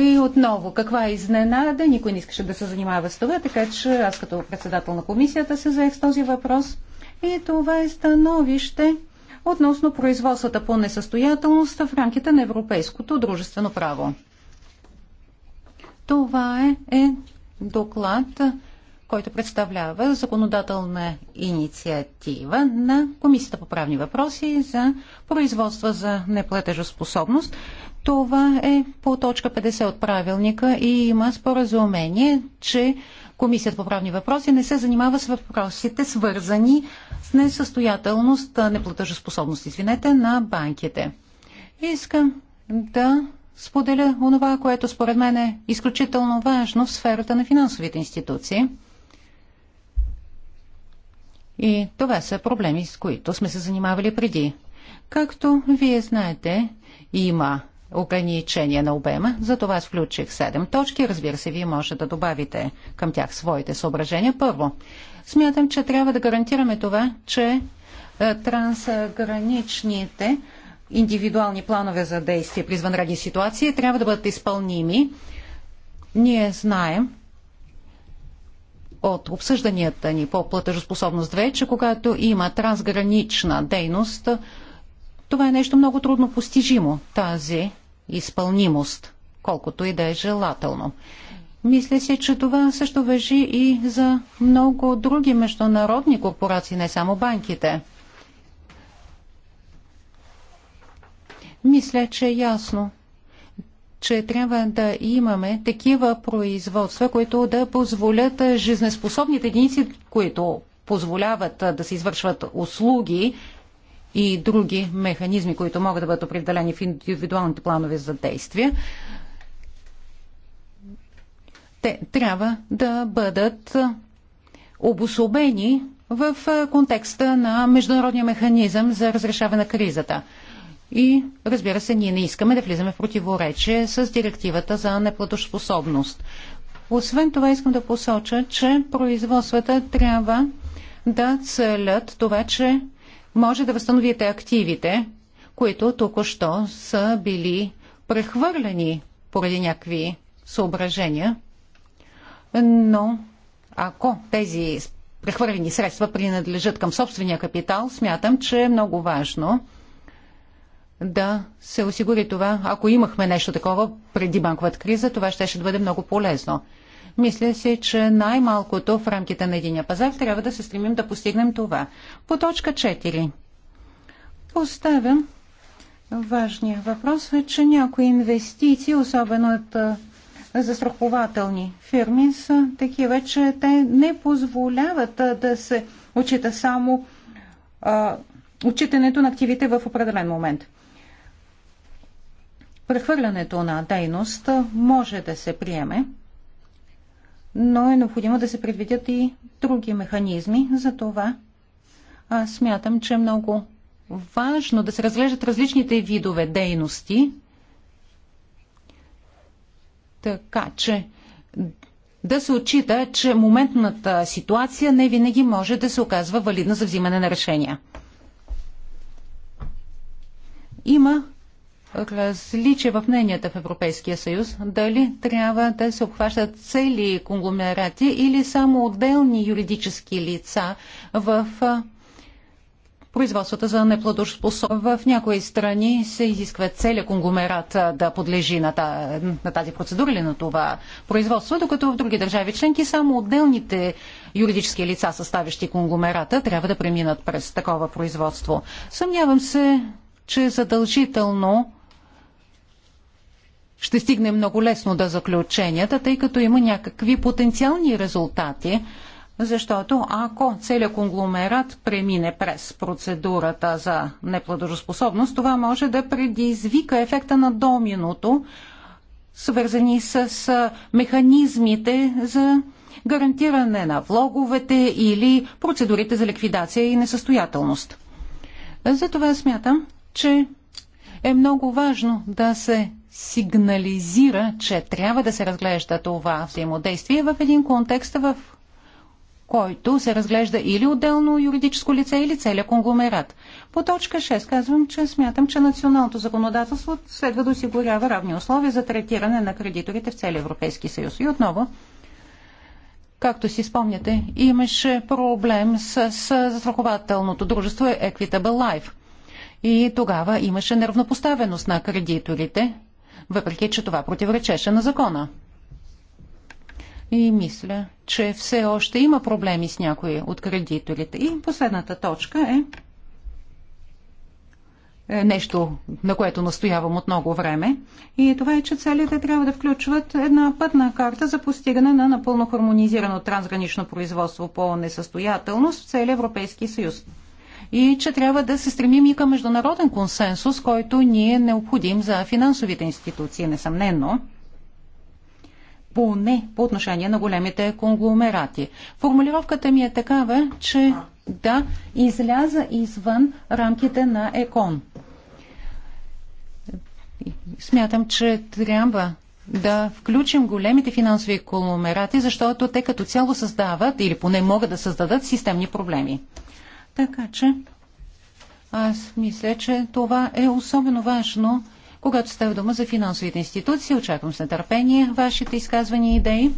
И отново, каква е изненада? Никой не искаше да се занимава с това, така че аз като председател на комисията се заех с този въпрос. И това е становище относно производствата по несъстоятелност в рамките на Европейското дружествено право. Това е, е доклад, който представлява законодателна инициатива на Комисията по правни въпроси за производства за неплатежоспособност. Това е по точка 50 от правилника и има споразумение, че Комисията по правни въпроси не се занимава с въпросите, свързани с несъстоятелност, неплатежоспособност, извинете, на банките. Искам да споделя онова, което според мен е изключително важно в сферата на финансовите институции. И това са проблеми, с които сме се занимавали преди. Както вие знаете, има ограничение на обема, за аз включих 7 точки. Разбира се, вие може да добавите към тях своите съображения. Първо, смятам, че трябва да гарантираме това, че е, трансграничните индивидуални планове за действие при извънредни ситуации трябва да бъдат изпълними. Ние знаем от обсъжданията ни по платежоспособност 2, че когато има трансгранична дейност, това е нещо много трудно постижимо, тази изпълнимост, колкото и да е желателно. Мисля си, че това също въжи и за много други международни корпорации, не само банките. Мисля, че е ясно, че трябва да имаме такива производства, които да позволят жизнеспособните единици, които позволяват да се извършват услуги и други механизми, които могат да бъдат определени в индивидуалните планове за действие, те трябва да бъдат обособени в контекста на международния механизъм за разрешаване на кризата. И разбира се, ние не искаме да влизаме в противоречие с директивата за неплатоспособност. Освен това искам да посоча, че производствата трябва да целят това, че може да възстановите активите, които току-що са били прехвърлени поради някакви съображения. Но ако тези прехвърлени средства принадлежат към собствения капитал, смятам, че е много важно – да се осигури това. Ако имахме нещо такова преди банковата криза, това ще, ще бъде много полезно. Мисля си, че най-малкото в рамките на единия пазар трябва да се стремим да постигнем това. По точка 4. Поставям важния въпрос, е, че някои инвестиции, особено от застрахователни фирми, са такива, че те не позволяват да се учита само а, отчитането на активите в определен момент. Прехвърлянето на дейност може да се приеме, но е необходимо да се предвидят и други механизми. За това аз смятам, че е много важно да се разглеждат различните видове дейности, така че да се отчита, че моментната ситуация не винаги може да се оказва валидна за взимане на решения. Има различия в мненията в Европейския съюз, дали трябва да се обхващат цели конгломерати или само отделни юридически лица в производствата за неплодоспособ. В някои страни се изисква целият конгломерат да подлежи на, на тази процедура или на това производство, докато в други държави членки само отделните юридически лица, съставящи конгломерата, трябва да преминат през такова производство. Съмнявам се, че задължително ще стигне много лесно до заключенията, тъй като има някакви потенциални резултати, защото ако целият конгломерат премине през процедурата за неплодоспособност, това може да предизвика ефекта на доминото, свързани с механизмите за гарантиране на влоговете или процедурите за ликвидация и несъстоятелност. Затова смятам, че е много важно да се сигнализира, че трябва да се разглежда това взаимодействие в един контекст, в който се разглежда или отделно юридическо лице, или целият конгломерат. По точка 6 казвам, че смятам, че националното законодателство следва да осигурява равни условия за третиране на кредиторите в целия Европейски съюз. И отново, както си спомняте, имаше проблем с, с застрахователното дружество Equitable Life. И тогава имаше неравнопоставеност на кредиторите – въпреки че това противоречеше на закона. И мисля, че все още има проблеми с някои от кредиторите. И последната точка е, е нещо, на което настоявам от много време. И това е, че целите трябва да включват една пътна карта за постигане на напълно хармонизирано трансгранично производство по несъстоятелност в целия Европейски съюз и че трябва да се стремим и към международен консенсус, който ни е необходим за финансовите институции, несъмнено поне по отношение на големите конгломерати. Формулировката ми е такава, че да изляза извън рамките на ЕКОН. Смятам, че трябва да включим големите финансови конгломерати, защото те като цяло създават или поне могат да създадат системни проблеми. Така че аз мисля, че това е особено важно, когато става дума за финансовите институции. Очаквам с нетърпение вашите изказвания и идеи.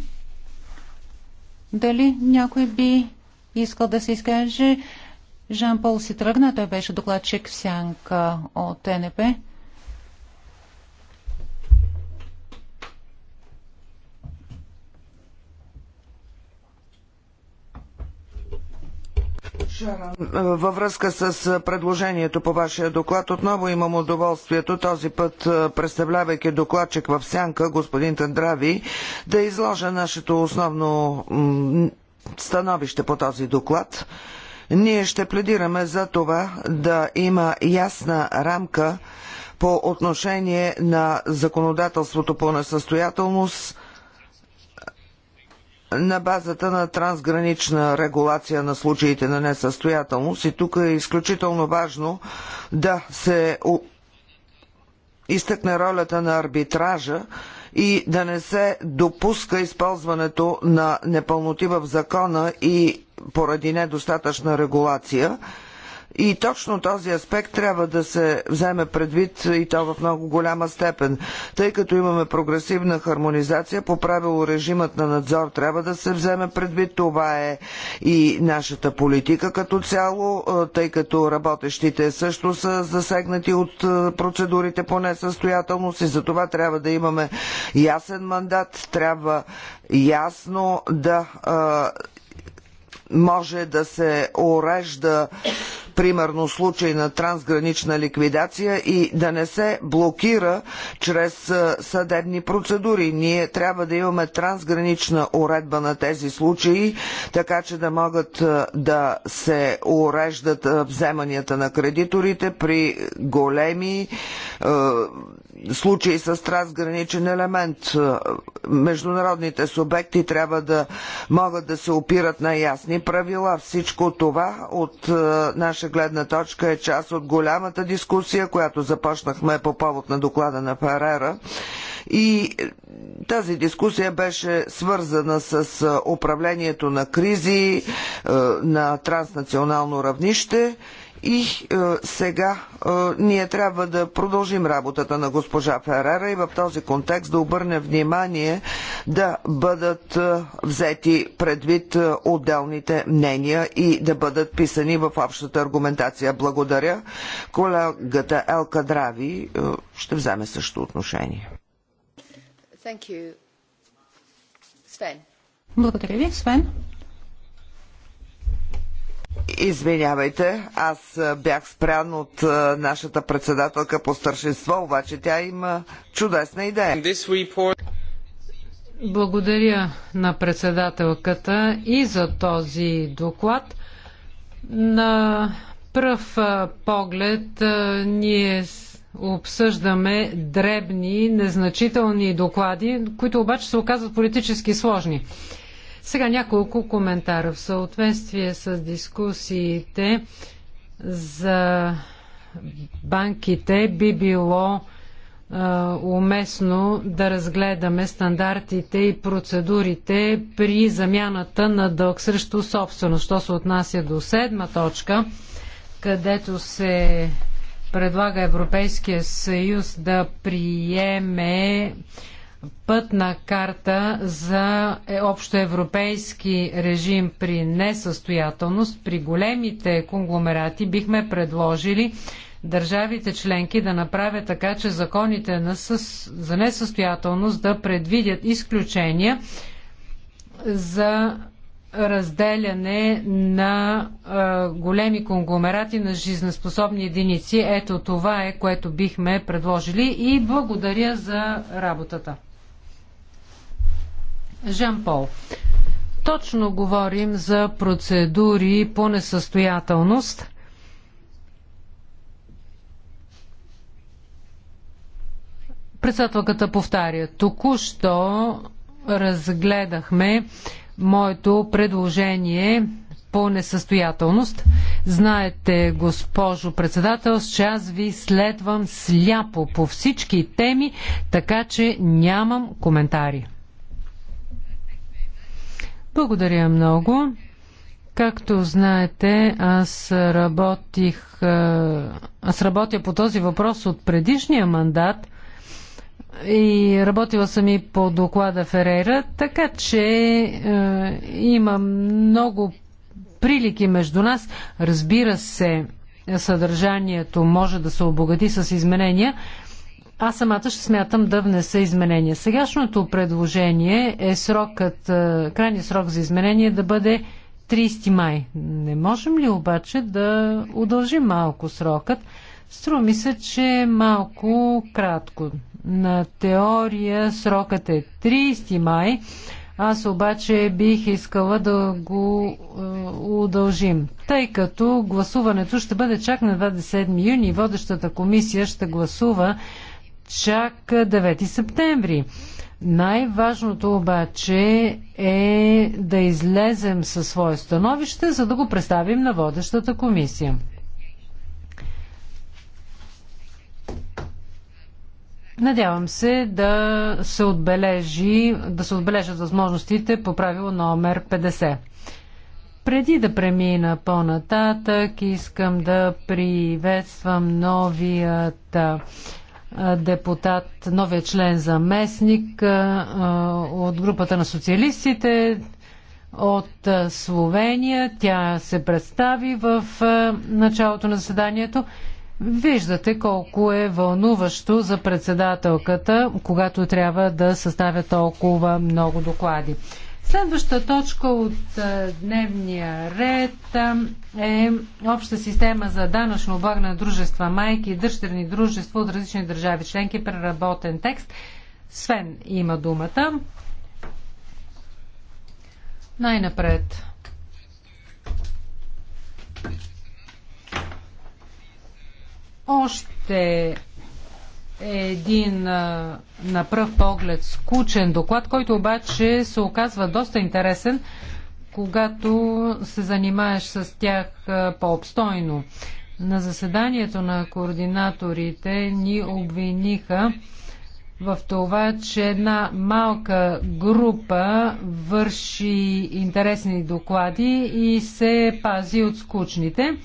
Дали някой би искал да се изкаже? Жан-Пол си тръгна, той беше докладчик в сянка от НП. Във връзка с предложението по вашия доклад, отново имам удоволствието този път, представлявайки докладчик в сянка, господин Тандрави, да изложа нашето основно становище по този доклад. Ние ще пледираме за това да има ясна рамка по отношение на законодателството по несъстоятелност, на базата на трансгранична регулация на случаите на несъстоятелност и тук е изключително важно да се изтъкне ролята на арбитража и да не се допуска използването на непълноти в закона и поради недостатъчна регулация – и точно този аспект трябва да се вземе предвид и то в много голяма степен. Тъй като имаме прогресивна хармонизация, по правило режимът на надзор трябва да се вземе предвид. Това е и нашата политика като цяло, е, тъй като работещите също са засегнати от е, процедурите по несъстоятелност и за това трябва да имаме ясен мандат, трябва ясно да е, може да се урежда примерно случай на трансгранична ликвидация и да не се блокира чрез съдебни процедури. Ние трябва да имаме трансгранична уредба на тези случаи, така че да могат да се уреждат вземанията на кредиторите при големи случаи с трансграничен елемент. Международните субекти трябва да могат да се опират на ясни правила. Всичко това от наша наша гледна точка е част от голямата дискусия, която започнахме по повод на доклада на Ферера. И тази дискусия беше свързана с управлението на кризи на транснационално равнище. И е, сега е, ние трябва да продължим работата на госпожа Ферера и в този контекст да обърнем внимание да бъдат е, взети предвид е, отделните мнения и да бъдат писани в общата аргументация. Благодаря. Колегата Елка Драви е, ще вземе също отношение. Благодаря ви, Свен. Извинявайте, аз бях спрян от нашата председателка по старшинство, обаче тя има чудесна идея. Благодаря на председателката и за този доклад. На пръв поглед ние обсъждаме дребни, незначителни доклади, които обаче се оказват политически сложни. Сега няколко коментара в съответствие с дискусиите за банките би било уместно да разгледаме стандартите и процедурите при замяната на дълг срещу собственост. Що се отнася до седма точка, където се предлага Европейския съюз да приеме пътна карта за е, общоевропейски режим при несъстоятелност, при големите конгломерати бихме предложили държавите членки да направят така, че законите на със... за несъстоятелност да предвидят изключения за разделяне на е, големи конгломерати на жизнеспособни единици. Ето това е, което бихме предложили и благодаря за работата. Жан Пол. Точно говорим за процедури по несъстоятелност. Председателката повтаря. Току-що разгледахме моето предложение по несъстоятелност. Знаете, госпожо председател, че аз ви следвам сляпо по всички теми, така че нямам коментари. Благодаря много. Както знаете, аз работих, аз работя по този въпрос от предишния мандат и работила съм и по доклада Ферейра, така че е, има много прилики между нас. Разбира се, съдържанието може да се обогати с изменения, аз самата ще смятам да внеса изменения. Сегашното предложение е срокът, е, крайният срок за изменение да бъде 30 май. Не можем ли обаче да удължим малко срокът? Струва ми се, че е малко кратко. На теория срокът е 30 май. Аз обаче бих искала да го е, удължим, тъй като гласуването ще бъде чак на 27 юни. Водещата комисия ще гласува чак 9 септември. Най-важното обаче е да излезем със свое становище, за да го представим на водещата комисия. Надявам се да се, отбележи, да се отбележат възможностите по правило номер 50. Преди да премина по-нататък, искам да приветствам новият депутат, новия член за местник от групата на социалистите от Словения. Тя се представи в началото на заседанието. Виждате колко е вълнуващо за председателката, когато трябва да съставя толкова много доклади. Следваща точка от дневния ред е обща система за данъчно облагане на дружества майки и дъщерни дружества от различни държави членки, преработен текст. Свен има думата. Най-напред. Още е един а, на пръв поглед скучен доклад, който обаче се оказва доста интересен, когато се занимаеш с тях по-обстойно. На заседанието на координаторите ни обвиниха в това, че една малка група върши интересни доклади и се пази от скучните.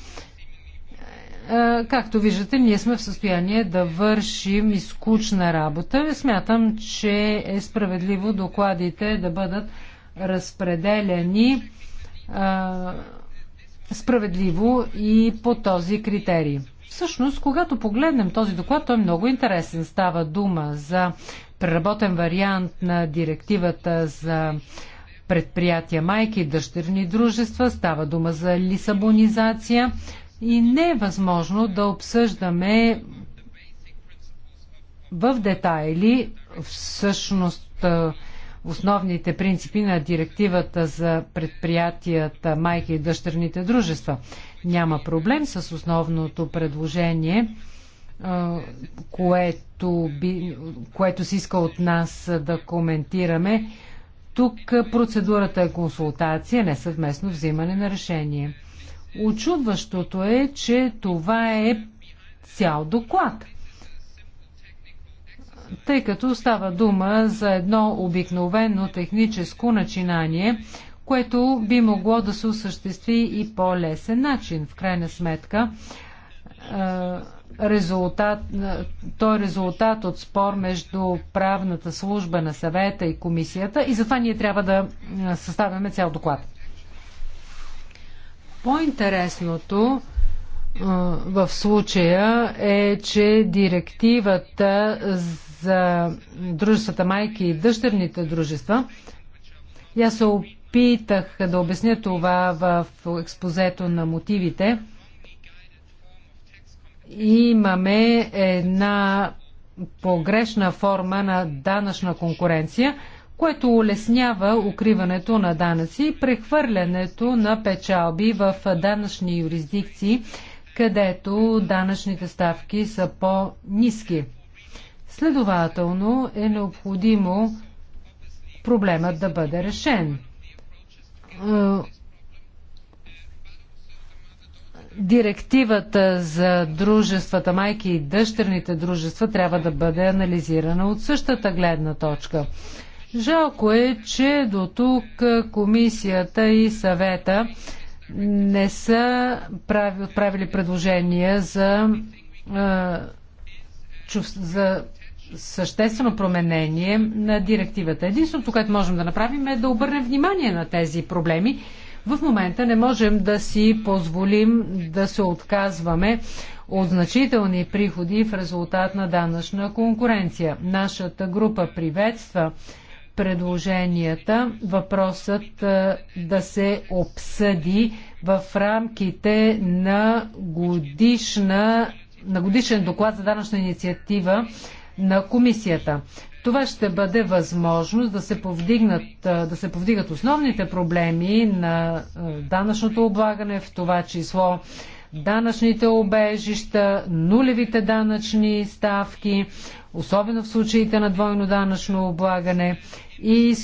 Е, както виждате, ние сме в състояние да вършим изкучна работа. Смятам, че е справедливо докладите да бъдат разпределяни е, справедливо и по този критерий. Всъщност, когато погледнем този доклад, той е много интересен. Става дума за преработен вариант на директивата за предприятия майки, дъщерни дружества, става дума за лисабонизация, и не е възможно да обсъждаме в детайли всъщност основните принципи на директивата за предприятията майки и дъщерните дружества. Няма проблем с основното предложение, което, би, което се иска от нас да коментираме. Тук процедурата е консултация, не съвместно взимане на решение. Очудващото е, че това е цял доклад. Тъй като става дума за едно обикновено техническо начинание, което би могло да се осъществи и по-лесен начин. В крайна сметка, резултат, той е резултат от спор между правната служба на съвета и комисията и затова ние трябва да съставяме цял доклад. По-интересното в случая е, че директивата за дружествата майки и дъщерните дружества, я се опитах да обясня това в експозето на мотивите, имаме една погрешна форма на данъчна конкуренция – което улеснява укриването на данъци и прехвърлянето на печалби в данъчни юрисдикции, където данъчните ставки са по-низки. Следователно е необходимо проблемът да бъде решен. Е, директивата за дружествата, майки и дъщерните дружества трябва да бъде анализирана от същата гледна точка. Жалко е, че до тук комисията и съвета не са прави, отправили предложения за, за съществено променение на директивата. Единственото, което можем да направим е да обърнем внимание на тези проблеми. В момента не можем да си позволим да се отказваме от значителни приходи в резултат на данъчна конкуренция. Нашата група приветства предложенията, въпросът е, да се обсъди в рамките на, годишна, на годишен доклад за данъчна инициатива на комисията. Това ще бъде възможност да се повдигнат, е, да се повдигат основните проблеми на е, данъчното облагане, в това число данъчните обежища, нулевите данъчни ставки, особено в случаите на двойно данъчно облагане и, и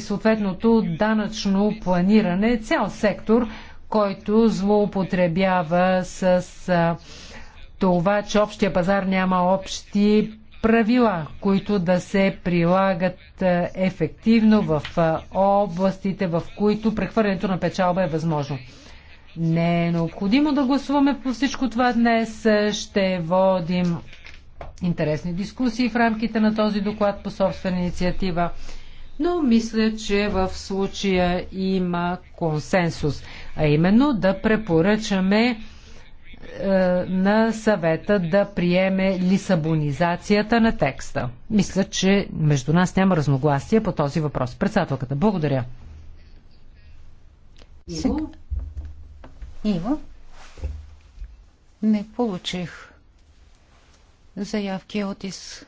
съответното данъчно планиране. Цял сектор, който злоупотребява с това, че общия пазар няма общи правила, които да се прилагат ефективно в областите, в които прехвърлянето на печалба е възможно. Не е необходимо да гласуваме по всичко това днес. Ще водим интересни дискусии в рамките на този доклад по собствена инициатива. Но мисля, че в случая има консенсус, а именно да препоръчаме е, на съвета да приеме лисабонизацията на текста. Мисля, че между нас няма разногласие по този въпрос. Председателката, благодаря. Сега, има. Не получих заявки от из...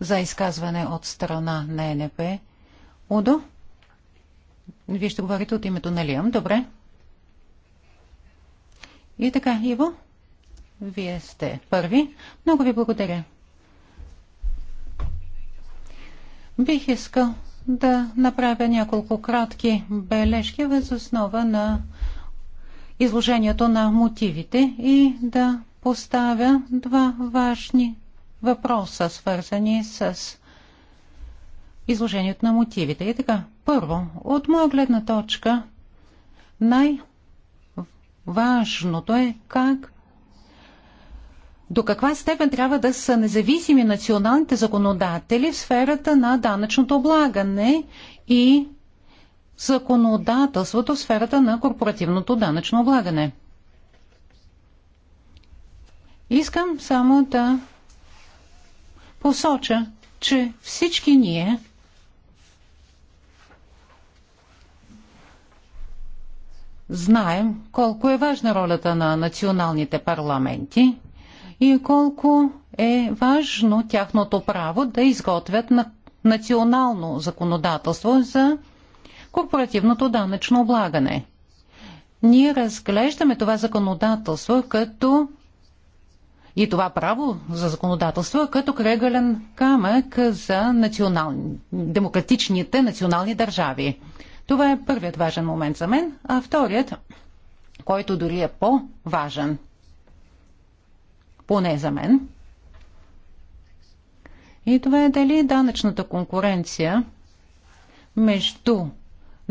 за изказване от страна на НП. Удо? Вие ще говорите от името на Лиам, добре? И така, Иво, вие сте първи. Много ви благодаря. Бих искал да направя няколко кратки бележки въз основа на изложението на мотивите и да поставя два важни въпроса, свързани с изложението на мотивите. И така, първо, от моя гледна точка, най-важното е как до каква степен трябва да са независими националните законодатели в сферата на данъчното облагане и законодателството в сферата на корпоративното данъчно облагане. Искам само да посоча, че всички ние знаем колко е важна ролята на националните парламенти и колко е важно тяхното право да изготвят национално законодателство за корпоративното данъчно облагане. Ние разглеждаме това законодателство като и това право за законодателство като крегален камък за национални, демократичните национални държави. Това е първият важен момент за мен, а вторият, който дори е по-важен, поне за мен, и това е дали данъчната конкуренция между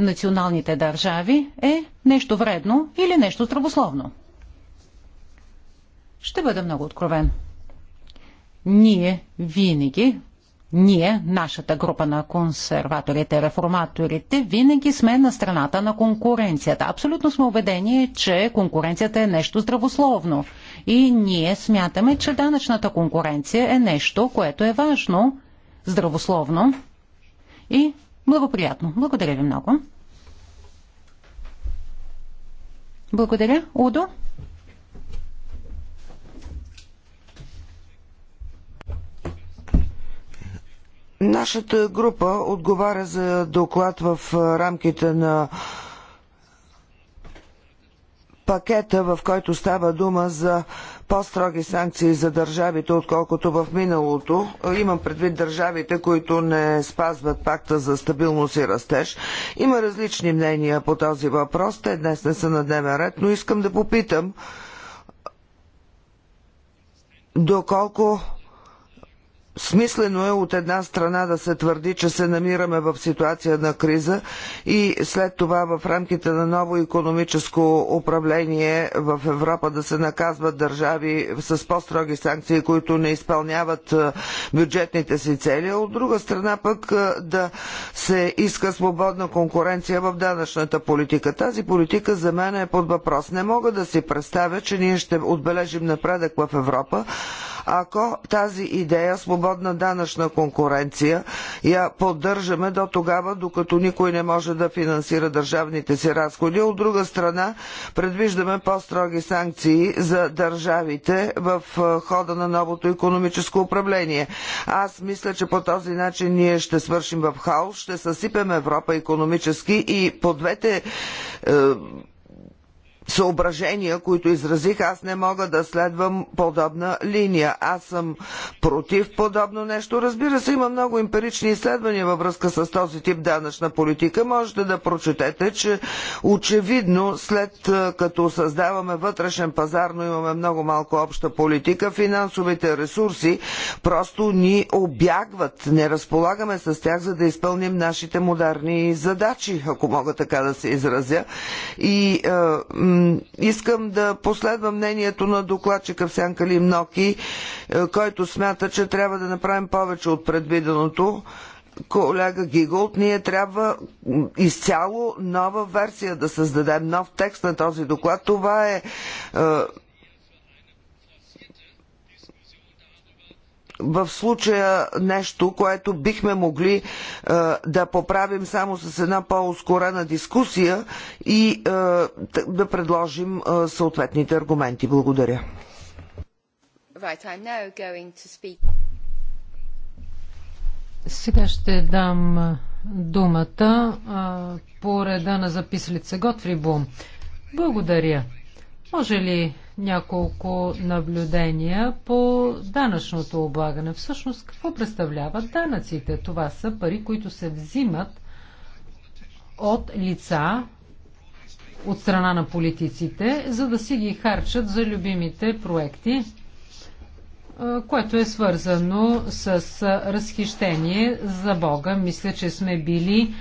националните държави е нещо вредно или нещо здравословно. Ще бъда много откровен. Ние винаги, ние, нашата група на консерваторите, реформаторите, винаги сме на страната на конкуренцията. Абсолютно сме убедени, че конкуренцията е нещо здравословно. И ние смятаме, че данъчната конкуренция е нещо, което е важно, здравословно и Благоприятно. Благодаря ви много. Благодаря. Удо? Нашата група отговаря за доклад в рамките на пакета, в който става дума за по-строги санкции за държавите, отколкото в миналото. Имам предвид държавите, които не спазват пакта за стабилност и растеж. Има различни мнения по този въпрос. Те днес не са на дневен ред, но искам да попитам доколко Смислено е от една страна да се твърди, че се намираме в ситуация на криза и след това в рамките на ново економическо управление в Европа да се наказват държави с по-строги санкции, които не изпълняват е, бюджетните си цели, а от друга страна пък е, да се иска свободна конкуренция в данъчната политика. Тази политика за мен е под въпрос. Не мога да си представя, че ние ще отбележим напредък в Европа, ако тази идея, свободна данъчна конкуренция, я поддържаме до тогава, докато никой не може да финансира държавните си разходи. От друга страна, предвиждаме по-строги санкции за държавите в хода на новото економическо управление. Аз мисля, че по този начин ние ще свършим в хаос, ще съсипем Европа економически и по двете е, съображения, които изразих, аз не мога да следвам подобна линия. Аз съм против подобно нещо. Разбира се, има много емпирични изследвания във връзка с този тип данъчна политика. Можете да прочетете, че очевидно след като създаваме вътрешен пазар, но имаме много малко обща политика, финансовите ресурси просто ни обягват. Не разполагаме с тях, за да изпълним нашите модерни задачи, ако мога така да се изразя. И е, Искам да последвам мнението на докладчика в Сянка Лимноки, е, който смята, че трябва да направим повече от предвиденото колега Гиголт, ние трябва изцяло нова версия да създадем, нов текст на този доклад. Това е, е в случая нещо, което бихме могли е, да поправим само с една по-ускорена дискусия и е, да предложим е, съответните аргументи. Благодаря. Right, Сега ще дам е, думата а, е, по реда на запислица Готфри Бум. Благодаря. Може ли няколко наблюдения по данъчното облагане. Всъщност, какво представляват данъците? Това са пари, които се взимат от лица от страна на политиците, за да си ги харчат за любимите проекти, което е свързано с разхищение за Бога. Мисля, че сме били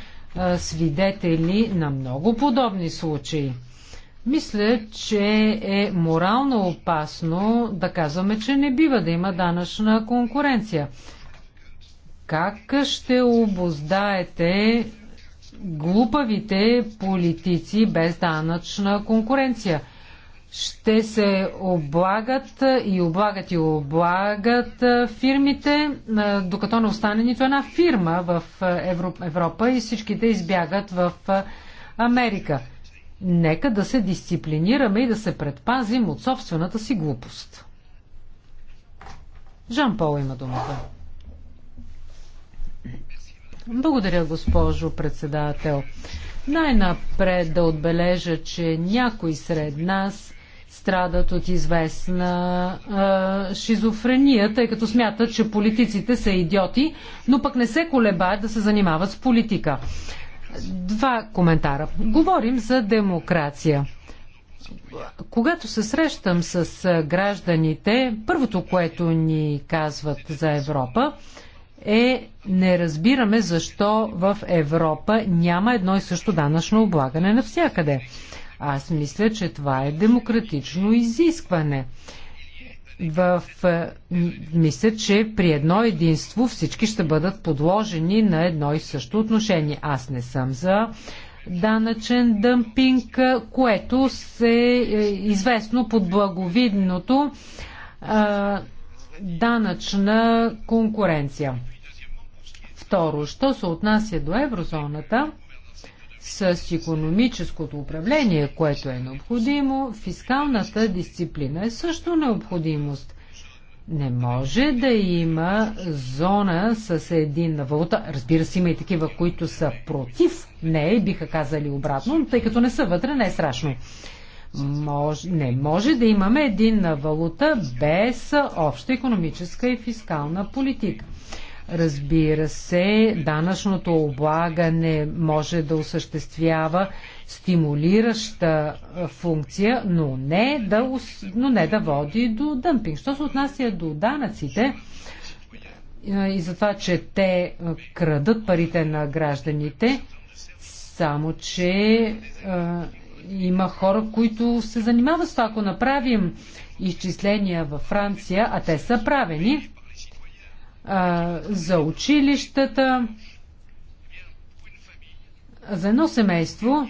свидетели на много подобни случаи. Мисля, че е морално опасно да казваме, че не бива да има данъчна конкуренция. Как ще обоздаете глупавите политици без данъчна конкуренция? Ще се облагат и облагат и облагат фирмите, докато не остане нито една фирма в Европа и всичките избягат в Америка нека да се дисциплинираме и да се предпазим от собствената си глупост. Жан Пол има думата. Благодаря, госпожо председател. Най-напред да отбележа, че някои сред нас страдат от известна а, шизофрения, тъй като смятат, че политиците са идиоти, но пък не се колебаят да се занимават с политика. Два коментара. Говорим за демокрация. Когато се срещам с гражданите, първото, което ни казват за Европа, е не разбираме защо в Европа няма едно и също данъчно облагане навсякъде. Аз мисля, че това е демократично изискване в, е, мисля, че при едно единство всички ще бъдат подложени на едно и също отношение. Аз не съм за данъчен дъмпинг, което се е известно под благовидното а, е, данъчна конкуренция. Второ, що се отнася до еврозоната, с економическото управление, което е необходимо, фискалната дисциплина е също необходимост. Не може да има зона с единна валута. Разбира се, има и такива, които са против нея биха казали обратно, но тъй като не са вътре, не е страшно. Мож, не може да имаме единна валута без обща економическа и фискална политика. Разбира се, данъчното облагане може да осъществява стимулираща функция, но не да, но не да води до дъмпинг. Що се отнася до данъците и за това, че те крадат парите на гражданите, само че има хора, които се занимават с това. Ако направим изчисления във Франция, а те са правени, а, за училищата. За едно семейство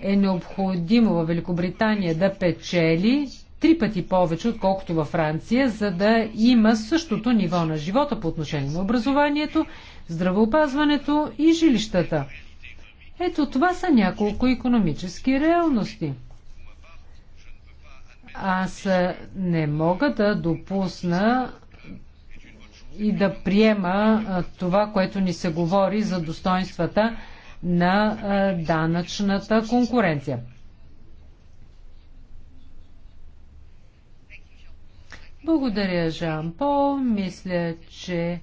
е необходимо във Великобритания да печели три пъти повече, отколкото във Франция, за да има същото ниво на живота по отношение на образованието, здравеопазването и жилищата. Ето това са няколко економически реалности. Аз не мога да допусна и да приема това, което ни се говори за достоинствата на данъчната конкуренция. Благодаря, Жан Пол. Мисля, че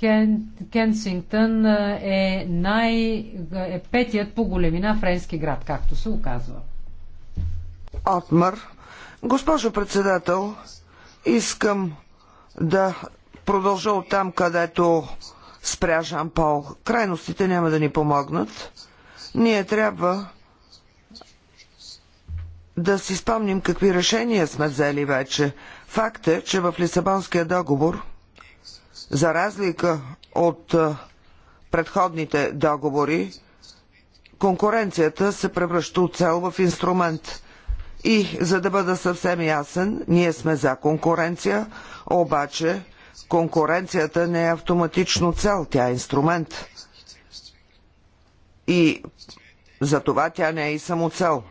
Кен, Кенсингтън е, най, е петият по големина френски град, както се оказва. Отмър. Госпожо председател, искам да продължа от там, където спря Жан Пол. Крайностите няма да ни помогнат. Ние трябва да си спомним какви решения сме взели вече. Факт е, че в Лисабонския договор, за разлика от предходните договори, конкуренцията се превръща от цел в инструмент. И за да бъда съвсем ясен, ние сме за конкуренция, обаче конкуренцията не е автоматично цел, тя е инструмент. И за това тя не е и само цел.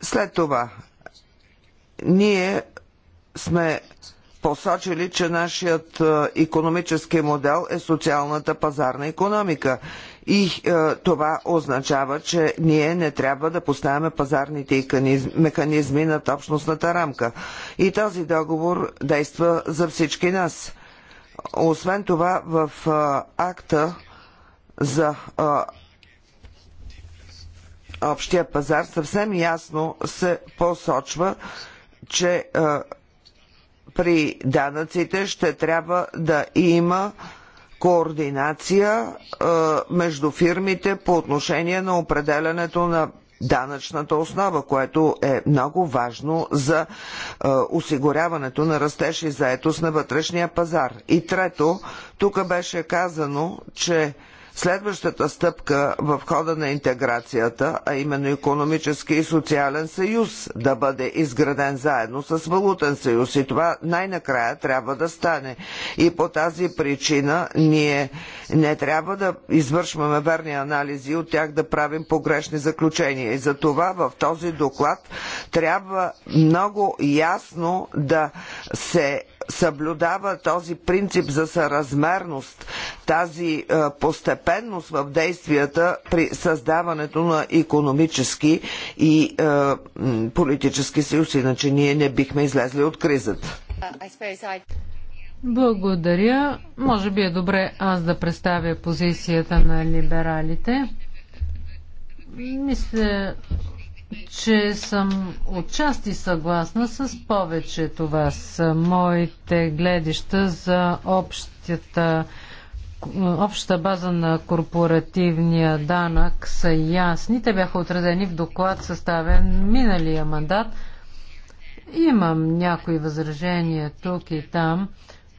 След това, ние сме посочили, че нашият економически модел е социалната пазарна економика и е, това означава, че ние не трябва да поставяме пазарните механизми над общностната рамка. И този договор действа за всички нас. Освен това, в е, акта за е, общия пазар съвсем ясно се посочва, че е, при данъците ще трябва да има координация между фирмите по отношение на определянето на данъчната основа, което е много важно за осигуряването на растеж и заетост на вътрешния пазар. И трето, тук беше казано, че Следващата стъпка в хода на интеграцията, а именно економически и социален съюз, да бъде изграден заедно с валутен съюз. И това най-накрая трябва да стане. И по тази причина ние не трябва да извършваме верни анализи и от тях да правим погрешни заключения. И за това в този доклад трябва много ясно да се съблюдава този принцип за съразмерност, тази е, постепенност в действията при създаването на економически и е, политически съюз, иначе ние не бихме излезли от кризата. Благодаря. Може би е добре аз да представя позицията на либералите. Мисля, че съм отчасти съгласна с повечето вас. Моите гледища за общата, общата база на корпоративния данък са ясни. Те бяха отразени в доклад съставен миналия мандат. Имам някои възражения тук и там,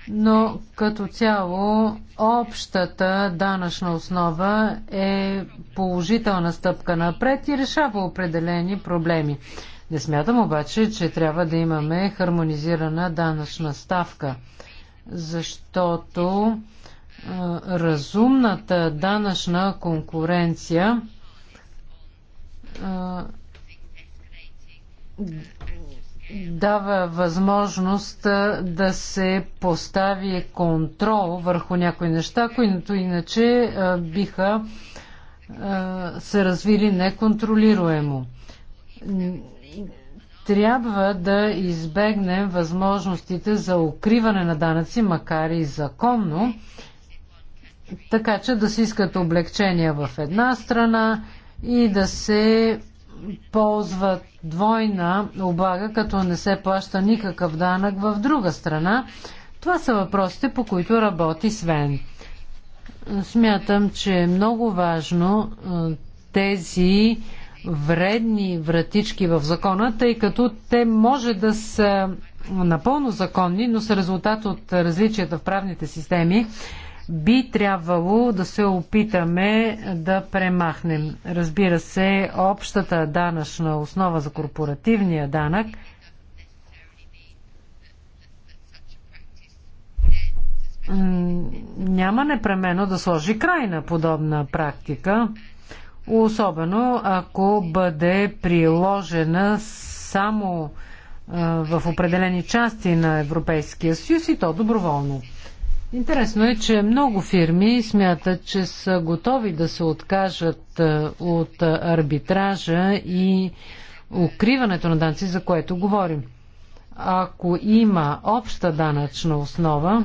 но като цяло общата данъчна основа е положителна стъпка напред и решава определени проблеми. Не смятам обаче, че трябва да имаме хармонизирана данъчна ставка, защото а, разумната данъчна конкуренция а, дава възможност да се постави контрол върху някои неща, които иначе биха се развили неконтролируемо. Трябва да избегнем възможностите за укриване на данъци, макар и законно, така че да се искат облегчения в една страна и да се ползват двойна облага, като не се плаща никакъв данък в друга страна. Това са въпросите, по които работи Свен. Смятам, че е много важно е, тези вредни вратички в закона, тъй като те може да са напълно законни, но са резултат от различията в правните системи би трябвало да се опитаме да премахнем. Разбира се, общата данъчна основа за корпоративния данък няма непременно да сложи край на подобна практика, особено ако бъде приложена само в определени части на Европейския съюз и то доброволно. Интересно е, че много фирми смятат, че са готови да се откажат е, от арбитража и укриването на данци, за което говорим. Ако има обща данъчна основа,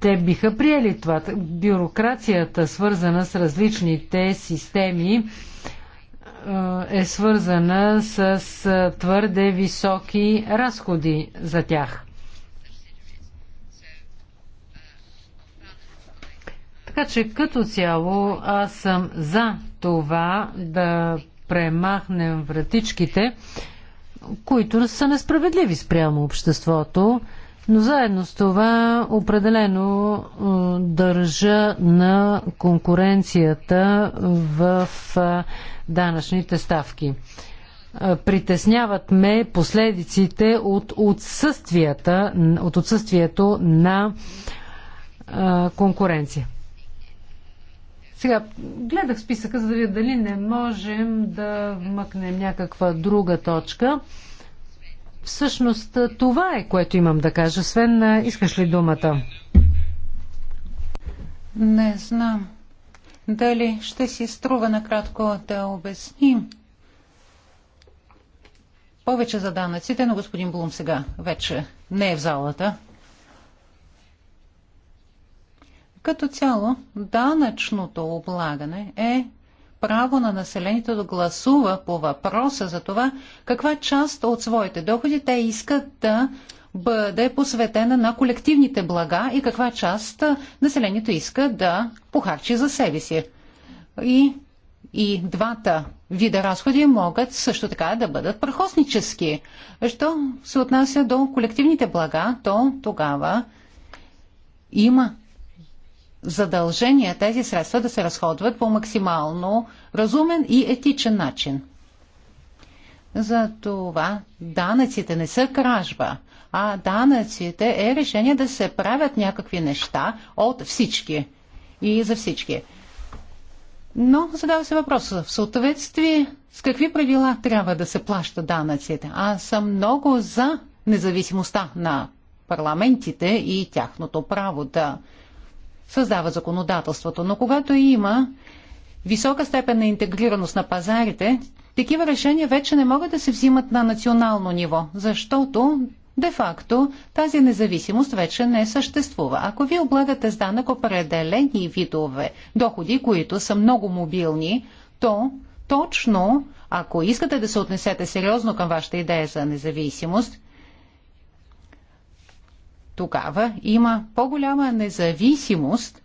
те биха приели това. Бюрокрацията, свързана с различните системи, е свързана с твърде високи разходи за тях. Така че като цяло аз съм за това да премахнем вратичките, които са несправедливи спрямо обществото. Но заедно с това определено е, държа на конкуренцията в е, данъчните ставки. Е, притесняват ме последиците от, отсъствията, от отсъствието на конкуренция. Сега, гледах списъка, за да видя дали не можем да вмъкнем някаква друга точка. Всъщност това е, което имам да кажа. Свен, искаш ли думата? Не знам. Дали ще си струва накратко да обясним повече за данъците, но господин Блум сега вече не е в залата. Като цяло, данъчното облагане е право на населението да гласува по въпроса за това каква част от своите доходи те искат да бъде посветена на колективните блага и каква част населението иска да похарчи за себе си. И, и двата вида разходи могат също така да бъдат прахоснически. Що се отнася до колективните блага, то тогава има задължение тези средства да се разходват по максимално разумен и етичен начин. Затова данъците не са кражба, а данъците е решение да се правят някакви неща от всички и за всички. Но задава се въпрос, в съответствие с какви правила трябва да се плаща данъците? Аз съм много за независимостта на парламентите и тяхното право да създава законодателството. Но когато има висока степен на интегрираност на пазарите, такива решения вече не могат да се взимат на национално ниво, защото де-факто тази независимост вече не съществува. Ако ви облагате с данък определени видове доходи, които са много мобилни, то точно ако искате да се отнесете сериозно към вашата идея за независимост, тогава има по-голяма независимост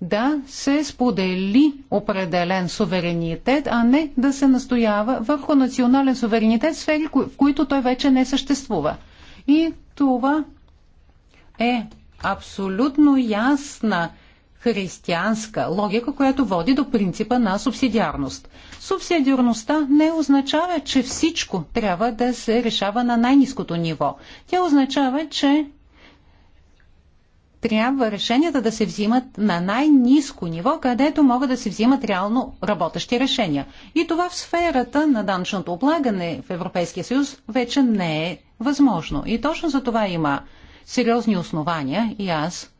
да се сподели определен суверенитет, а не да се настоява върху национален суверенитет в сфери, в които той вече не съществува. И това е абсолютно ясна християнска логика, която води до принципа на субсидиарност. Субсидиарността не означава, че всичко трябва да се решава на най-низкото ниво. Тя означава, че трябва решенията да се взимат на най-низко ниво, където могат да се взимат реално работещи решения. И това в сферата на данъчното облагане в Европейския съюз вече не е възможно. И точно за това има сериозни основания и аз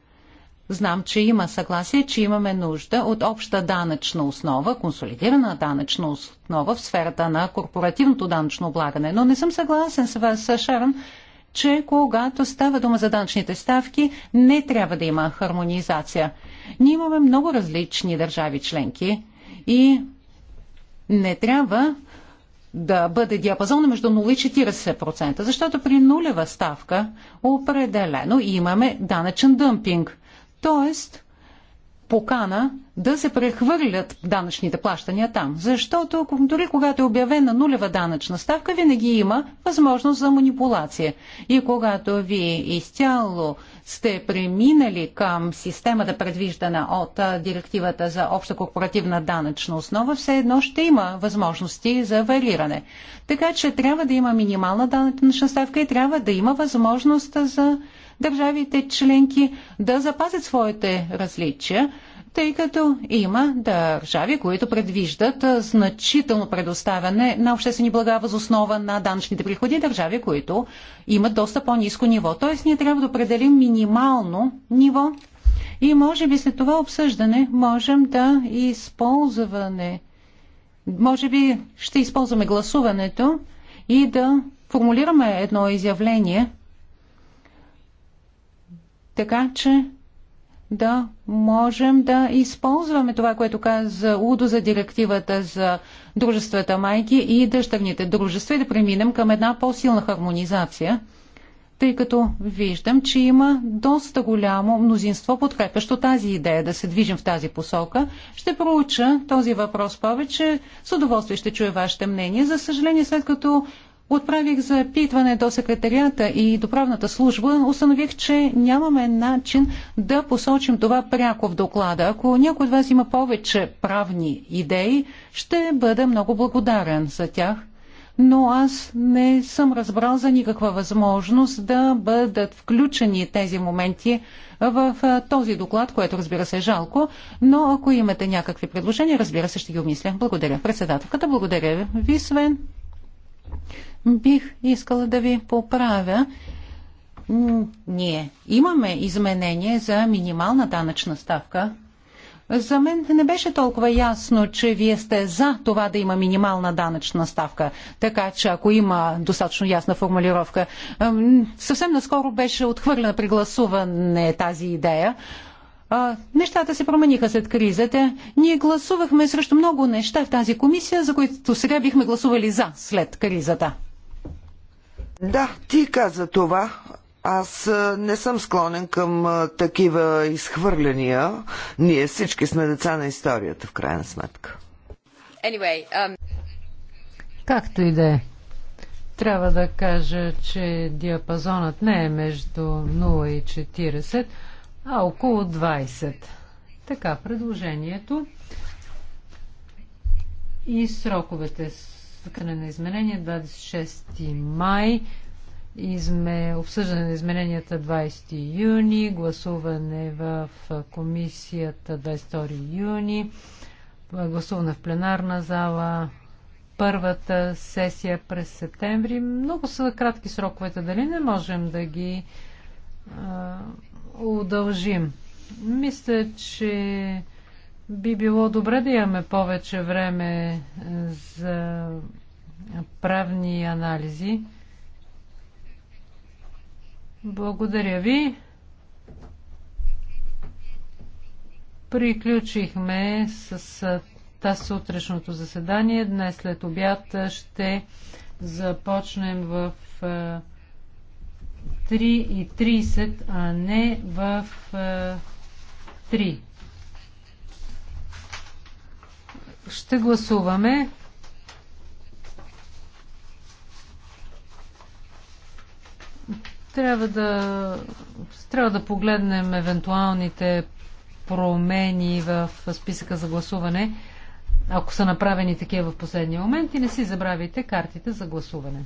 знам, че има съгласие, че имаме нужда от обща данъчна основа, консолидирана данъчна основа в сферата на корпоративното данъчно облагане. Но не съм съгласен с вас, Шаран, че когато става дума за данъчните ставки, не трябва да има хармонизация. Ние имаме много различни държави членки и не трябва да бъде диапазон между 0 и 40%, защото при нулева ставка определено имаме данъчен дъмпинг. Тоест, покана да се прехвърлят данъчните плащания там. Защото дори когато е обявена нулева данъчна ставка, винаги има възможност за манипулация. И когато вие изцяло сте преминали към системата предвиждана от директивата за обща корпоративна данъчна основа, все едно ще има възможности за вариране. Така че трябва да има минимална данъчна ставка и трябва да има възможност за държавите членки да запазят своите различия, тъй като има държави, които предвиждат значително предоставяне на обществени блага въз основа на данъчните приходи, държави, които имат доста по-низко ниво. Тоест ние трябва да определим минимално ниво и може би след това обсъждане можем да използване, може би ще използваме гласуването и да формулираме едно изявление – така че да можем да използваме това, което каза Удо за директивата за дружествата майки и дъщерните дружества и да преминем към една по-силна хармонизация, тъй като виждам, че има доста голямо мнозинство подкрепящо тази идея да се движим в тази посока. Ще проуча този въпрос повече. С удоволствие ще чуя вашето мнение. За съжаление, след като Отправих запитване до секретарията и до правната служба. Установих, че нямаме начин да посочим това пряко в доклада. Ако някой от вас има повече правни идеи, ще бъда много благодарен за тях. Но аз не съм разбрал за никаква възможност да бъдат включени тези моменти в този доклад, което разбира се е жалко, но ако имате някакви предложения, разбира се, ще ги обмисля. Благодаря. Председателката, благодаря ви, Свен. Бих искала да ви поправя. Ние имаме изменение за минимална данъчна ставка. За мен не беше толкова ясно, че вие сте за това да има минимална данъчна ставка. Така че ако има достатъчно ясна формулировка, съвсем наскоро беше отхвърлена при гласуване тази идея а, нещата се промениха след кризата. Ние гласувахме срещу много неща в тази комисия, за които сега бихме гласували за след кризата. Да, ти каза това. Аз не съм склонен към такива изхвърляния. Ние всички сме деца на историята, в крайна сметка. Anyway, um... Както и да е. Трябва да кажа, че диапазонът не е между 0 и 40 а около 20. Така, предложението и сроковете Съкане на изменения 26 май, изме, обсъждане на измененията 20 юни, гласуване в комисията 22 юни, гласуване в пленарна зала първата сесия през септември. Много са кратки сроковете. Дали не можем да ги удължим. Мисля, че би било добре да имаме повече време е, за правни анализи. Благодаря ви. Приключихме с е, тази сутрешното заседание. Днес след обяд ще започнем в е, 3, 30, а не в 3. Е, Ще гласуваме. Трябва да, трябва да погледнем евентуалните промени в списъка за гласуване, ако са направени такива в последния момент и не си забравяйте картите за гласуване.